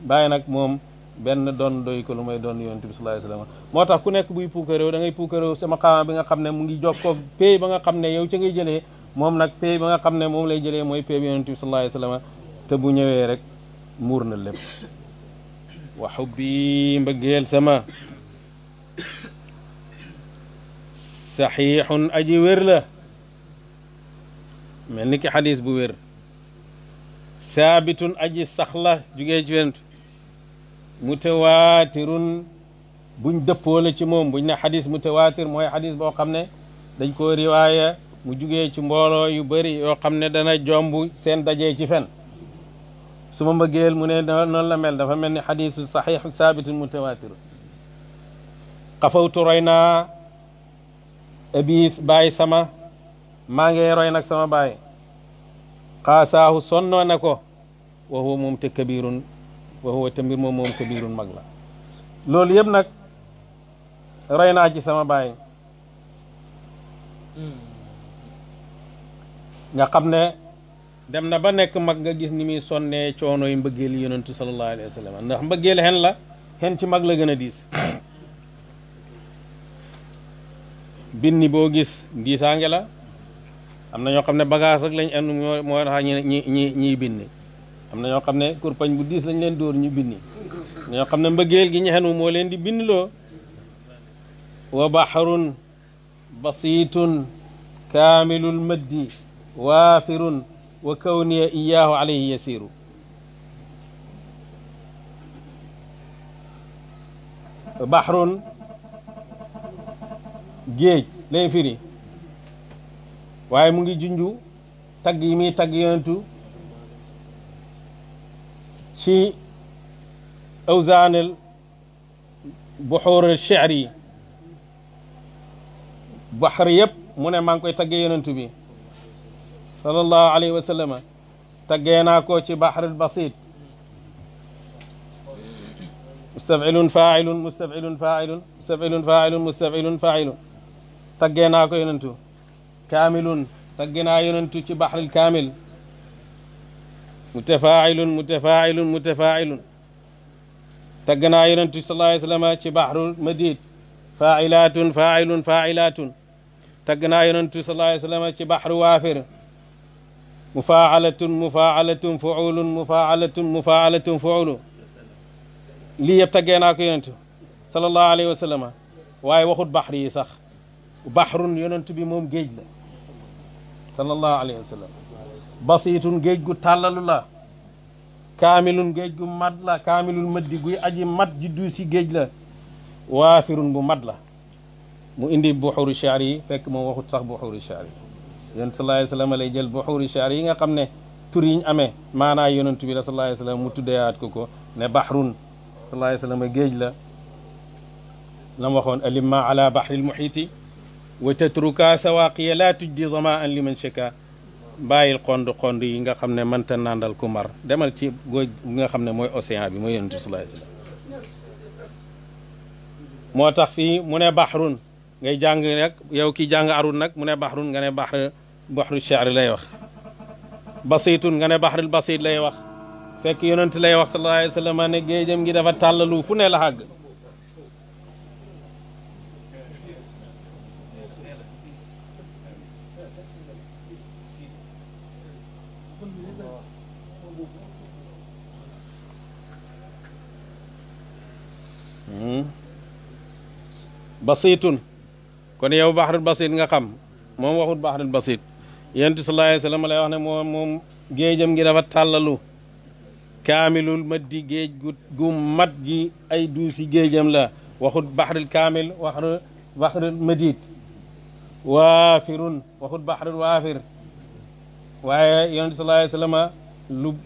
bàyyi nag moom benn doon doy ko lu may doon yonent bi sallallahu alayhi moo tax ku nekk buy puukaréew da ngay puukaréew sa maqaama bi nga xam ne mu ngi jokkoo pay ba nga xam ne yow ca ngay jëlee moom nag pay ba xam ne moom lay jëlee mooy pay bi yonent bi sallallahu alayhi wasallam te bu ñëwee rek muur na lépp wa hubbi mbëggeel sama saxiixun aji wér la mel ni ki xadis bu wér saabitun aji sax la jugee ci wentu mutawaatirun buñ dëppoo la ci moom buñ ne xadis mutawaatir mooy xadis boo xam ne dañ ko riwaaya mu jugee ci mbooloo yu bari yoo xam ne dana jomb seen dajee ci fen su ma mbëggeel mu ne noonu la mel dafa mel ni xadisu saxiixun saabitun mutawaatirun xafawtu roy naa abi baay sama maa ngi roy nag sama baay xaasaahu sonnoo na ko wa huwa moom te kabirun wa huwa moom kabirun mag la loolu yëpp nag roy naa ci sama baay nga xam ne dem na ba nekk mag nga gis ni muy sonnee coono yi mbëggeel yi yonentu sallallahu alayhi wa sallam ndax mbëggeel hen la hen ci mag la gën a diis binni boo gis diisaange la am na ñoo xam ne bagage rek lañ ànd ñi ñi ñiy binni am na ñoo xam ne kurpañ bu diis leen dóor ñu binni ñoo xam ne mbëggeel gi ñexenu moo leen di bindloo wa baharun basitun kaamilul maddi waafirun wa kawniya iyaahu alayhi yasiru baharun géej lay firi waaye mu ngi junju tagg yi muy tagg yonentu ci awsaanel buxuur cheer yi baxar yëpp mu ne maa ngi koy taggee yonentu bi sallallahu alayhi wa sallama taggee naa ko ci baxarul basit mustafilun failun mustafilun failun mustafilun failun mustafilun failun taggee naa ko yonentu kaamilun tagge naa yonentu ci baxril kaamil mutafailun mutafailun mutafailun tagg naa yonentu sallallahu alayhi wa sallam ci baxrul madid failatun failun failatun tagg naa yonentu sallallahu alayhi wa sallam ci baxru waafir mufaalatun mufaalatun fuulun mufaalatun mufaalatun fuulu lii yëpp taggee naa ko yonentu sallallahu alayhi wa sallam waaye waxut baxri yi sax baxrun yonent bi moom géej la sallallahu alayhi wa sallam basiitun géej gu tàllalu la kaamilun géej gu mat la kaamilun maddi guy aji mat ji du si géej la waafirun bu mat la mu indi buxuuri chaar yi fekk moom waxut sax buxuuri chaar yi yonent sallallahu alayhi wa sallam lay jël buxuuri chaar yi nga xam ne tur yiñ amee maanaa yonent bi la sallallahu alayhi wa sallam mu tuddeyaat ko ko ne baxrun sallallahu alayhi wa géej la lam waxoon alimma ala baxril muxiiti wa tatruka sawaqiya laa tujdi zamaan liman shaka bàyyil xond xond yi nga xam ne mënta nàndal ku mar demal ci góoj bi nga xam ne mooy océan bi mooy yonent bi sallallahu alayhi moo tax fii mu ne baxrun ngay jàng nag yow ki jàng arun nag mu ne baxrun nga ne baxr baxru shaari lay wax basitun nga ne baxrul basit lay wax fekk yonent lay wax sallallahu alayhi wasallam ne géejëm gi dafa tàllalu fu ne la xàgg basiitun kon yow baxarul basiit nga xam moom waxut baxarul basiit yonent bi sallallahu alayhi wa lay wax ne moom moom géejam ngi dafa tàllalu kaamilul mat di géej gu mat ji ay duusi géejam la waxut baxarul kaamil waxru baxarul madid waafirun waxut baxarul waafir waaye yonent bi sallallahu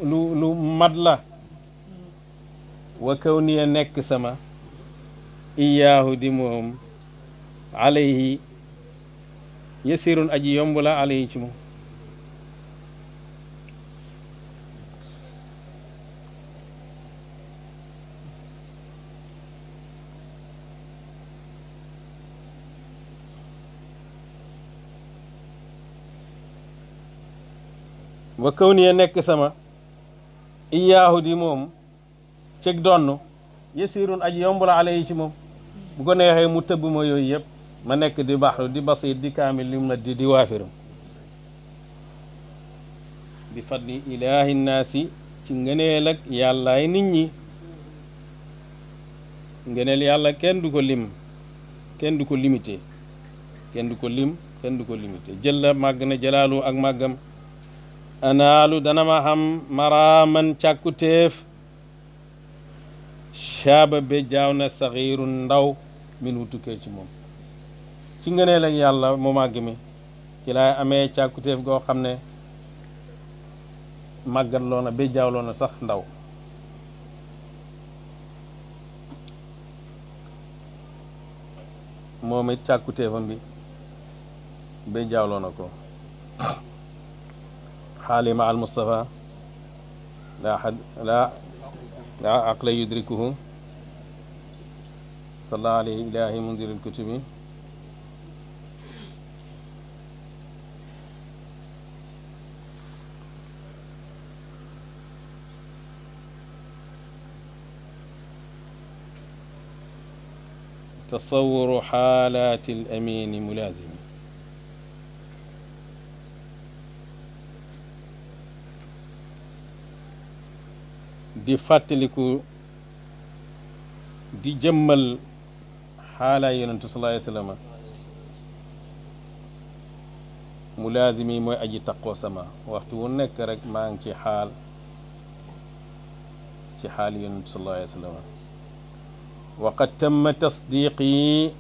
lu lu mat la wa kaw niya nekk sama iyaahu di moom alayhi yasirun aji yomb la alayhi ci moom ba kaw ni nekk sama iyaahu di moom ceg donn yasirun aji yomb la alayhi ci moom bu ko neexee mu tëbb ma yooyu yëpp ma nekk di baxru di basiir di kaamil li mu na di di waafiru bi fadli ilaahi naasi ci ngëneel ak yàllaay nit ñi ngëneel yàlla kenn du ko lim kenn du ko limité kenn du ko lim kenn du ko limité jël la màgg na jëlaalu ak màggam anaalu dana ma xam maraaman càkkutéef caaba be jaaw na saxiiru ndaw min wu ci moom ci ngëneel ak yàlla mu màgg mi ci laay amee càkkutéef goo xam ne màggat loo na béjjaaw loo na sax ndaw moom it càkkutéefam bi béjjaaw loo na ko xaali ma al Mustafa laa laa laa aqla yudrikuhu salla alayhi ilaahi munzilil kutubi tasawuru xaalaatil amiini mulaazimi di fàttaliku di jëmmal xaalaay yonentu sallallahu alayhi wa sallam mu laazim yi mooy aji taqoo sama waxtu wu nekk rek maa ngi ci xaal ci xaal yonentu sallallahu alayhi wa sallam waqad tamma tasdiq yi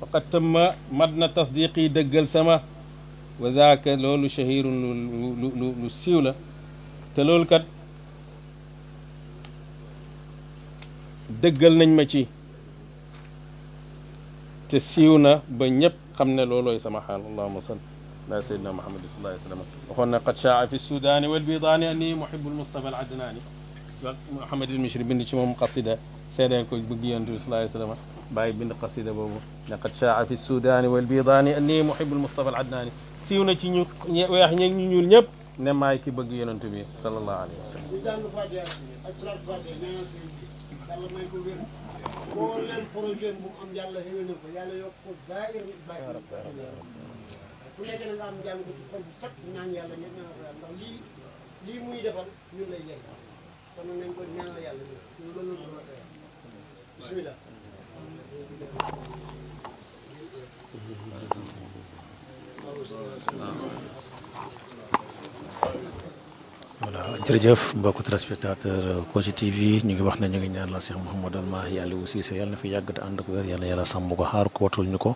waqad tamma mat na tasdiq yi dëggal sama wa zaaka loolu shahirun lu lu lu siiw la te loolu kat dëggal nañ ma ci te siiw na ba ñëpp xam ne loolooy sama xaal allahuma sal ala sayyidina muhammadin sallallahu alayhi wa sallam waxoon na qad chaa fi sudaani walbidaani anni muhibu lmustafa aladnaani wa muhammad ilmichri bind ci moom qasida seedeen ko bëgg yonent bi sallallahu alayhi wa sallam bàyyi bind qasida boobu ne qad chaa fi sudaani walbidaani anni muhibu lmustafa aladnaani siiw na ci ñu weex ñeeg ñu ñuul ñëpp ne maay ki bëgg yonent bi sallallahu alayhi wa sallam boo leen projet bu am yàlla xéwénal ko yàlla yokk ko daayir daayir ku nekk na nga am jàng ko ci xol bu set ñaan yàlla ñëpp ñaan ko yàlla ndax lii lii muy defal ñu lay jël kon nañ ko ñaanal yàlla ñu loolu la ko yàlla bismillah waaw voilà jërëjëf mbokku téléspectateur Kossy TV ñu ngi wax ne ñu ngi ñaanal Cheikh Mouhamadou Mahi Aliou Cissé yàlla na fi yàgg te ànd ak wér yàlla yàlla sàmm ko xaar ko watul ñu ko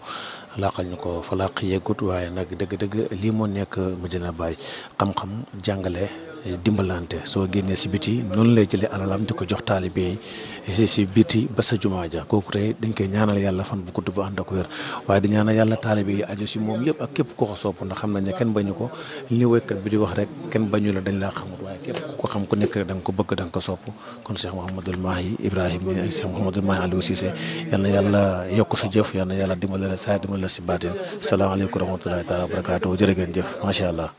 laqal ñu ko fa laq yeggut waaye nag dëgg-dëgg lii moo nekk Medina Baye xam-xam jàngale. Eh, dimbalante soo génnee si biti noonu lay jëlee alalam di ko jox taalibe yi eh, si biti ba sa jumaa ja kooku tey dañ koy ñaanal yàlla fan bu gudd bu ànd ak wér waaye di ñaanal yàlla taalibe yi aju si moom yëpp ak képp ko ko sopp ndax xam nañ ne kenn bañu ko li wéykat bi di wax rek kenn bañu la dañ laa xamut waaye ko xam ku nekk rek ko bëgg da nga ko sopp kon seex Mouhamadul Mahi Ibrahima eh, Cheikh Mouhamadul Mahi Aliou Cissé yal na yàlla yokk sa jëf yàlla dimbale saa dimbale la si baatin salaamaaleykum wa rahmatulahi taala wa barakaatu jërë ngeen allah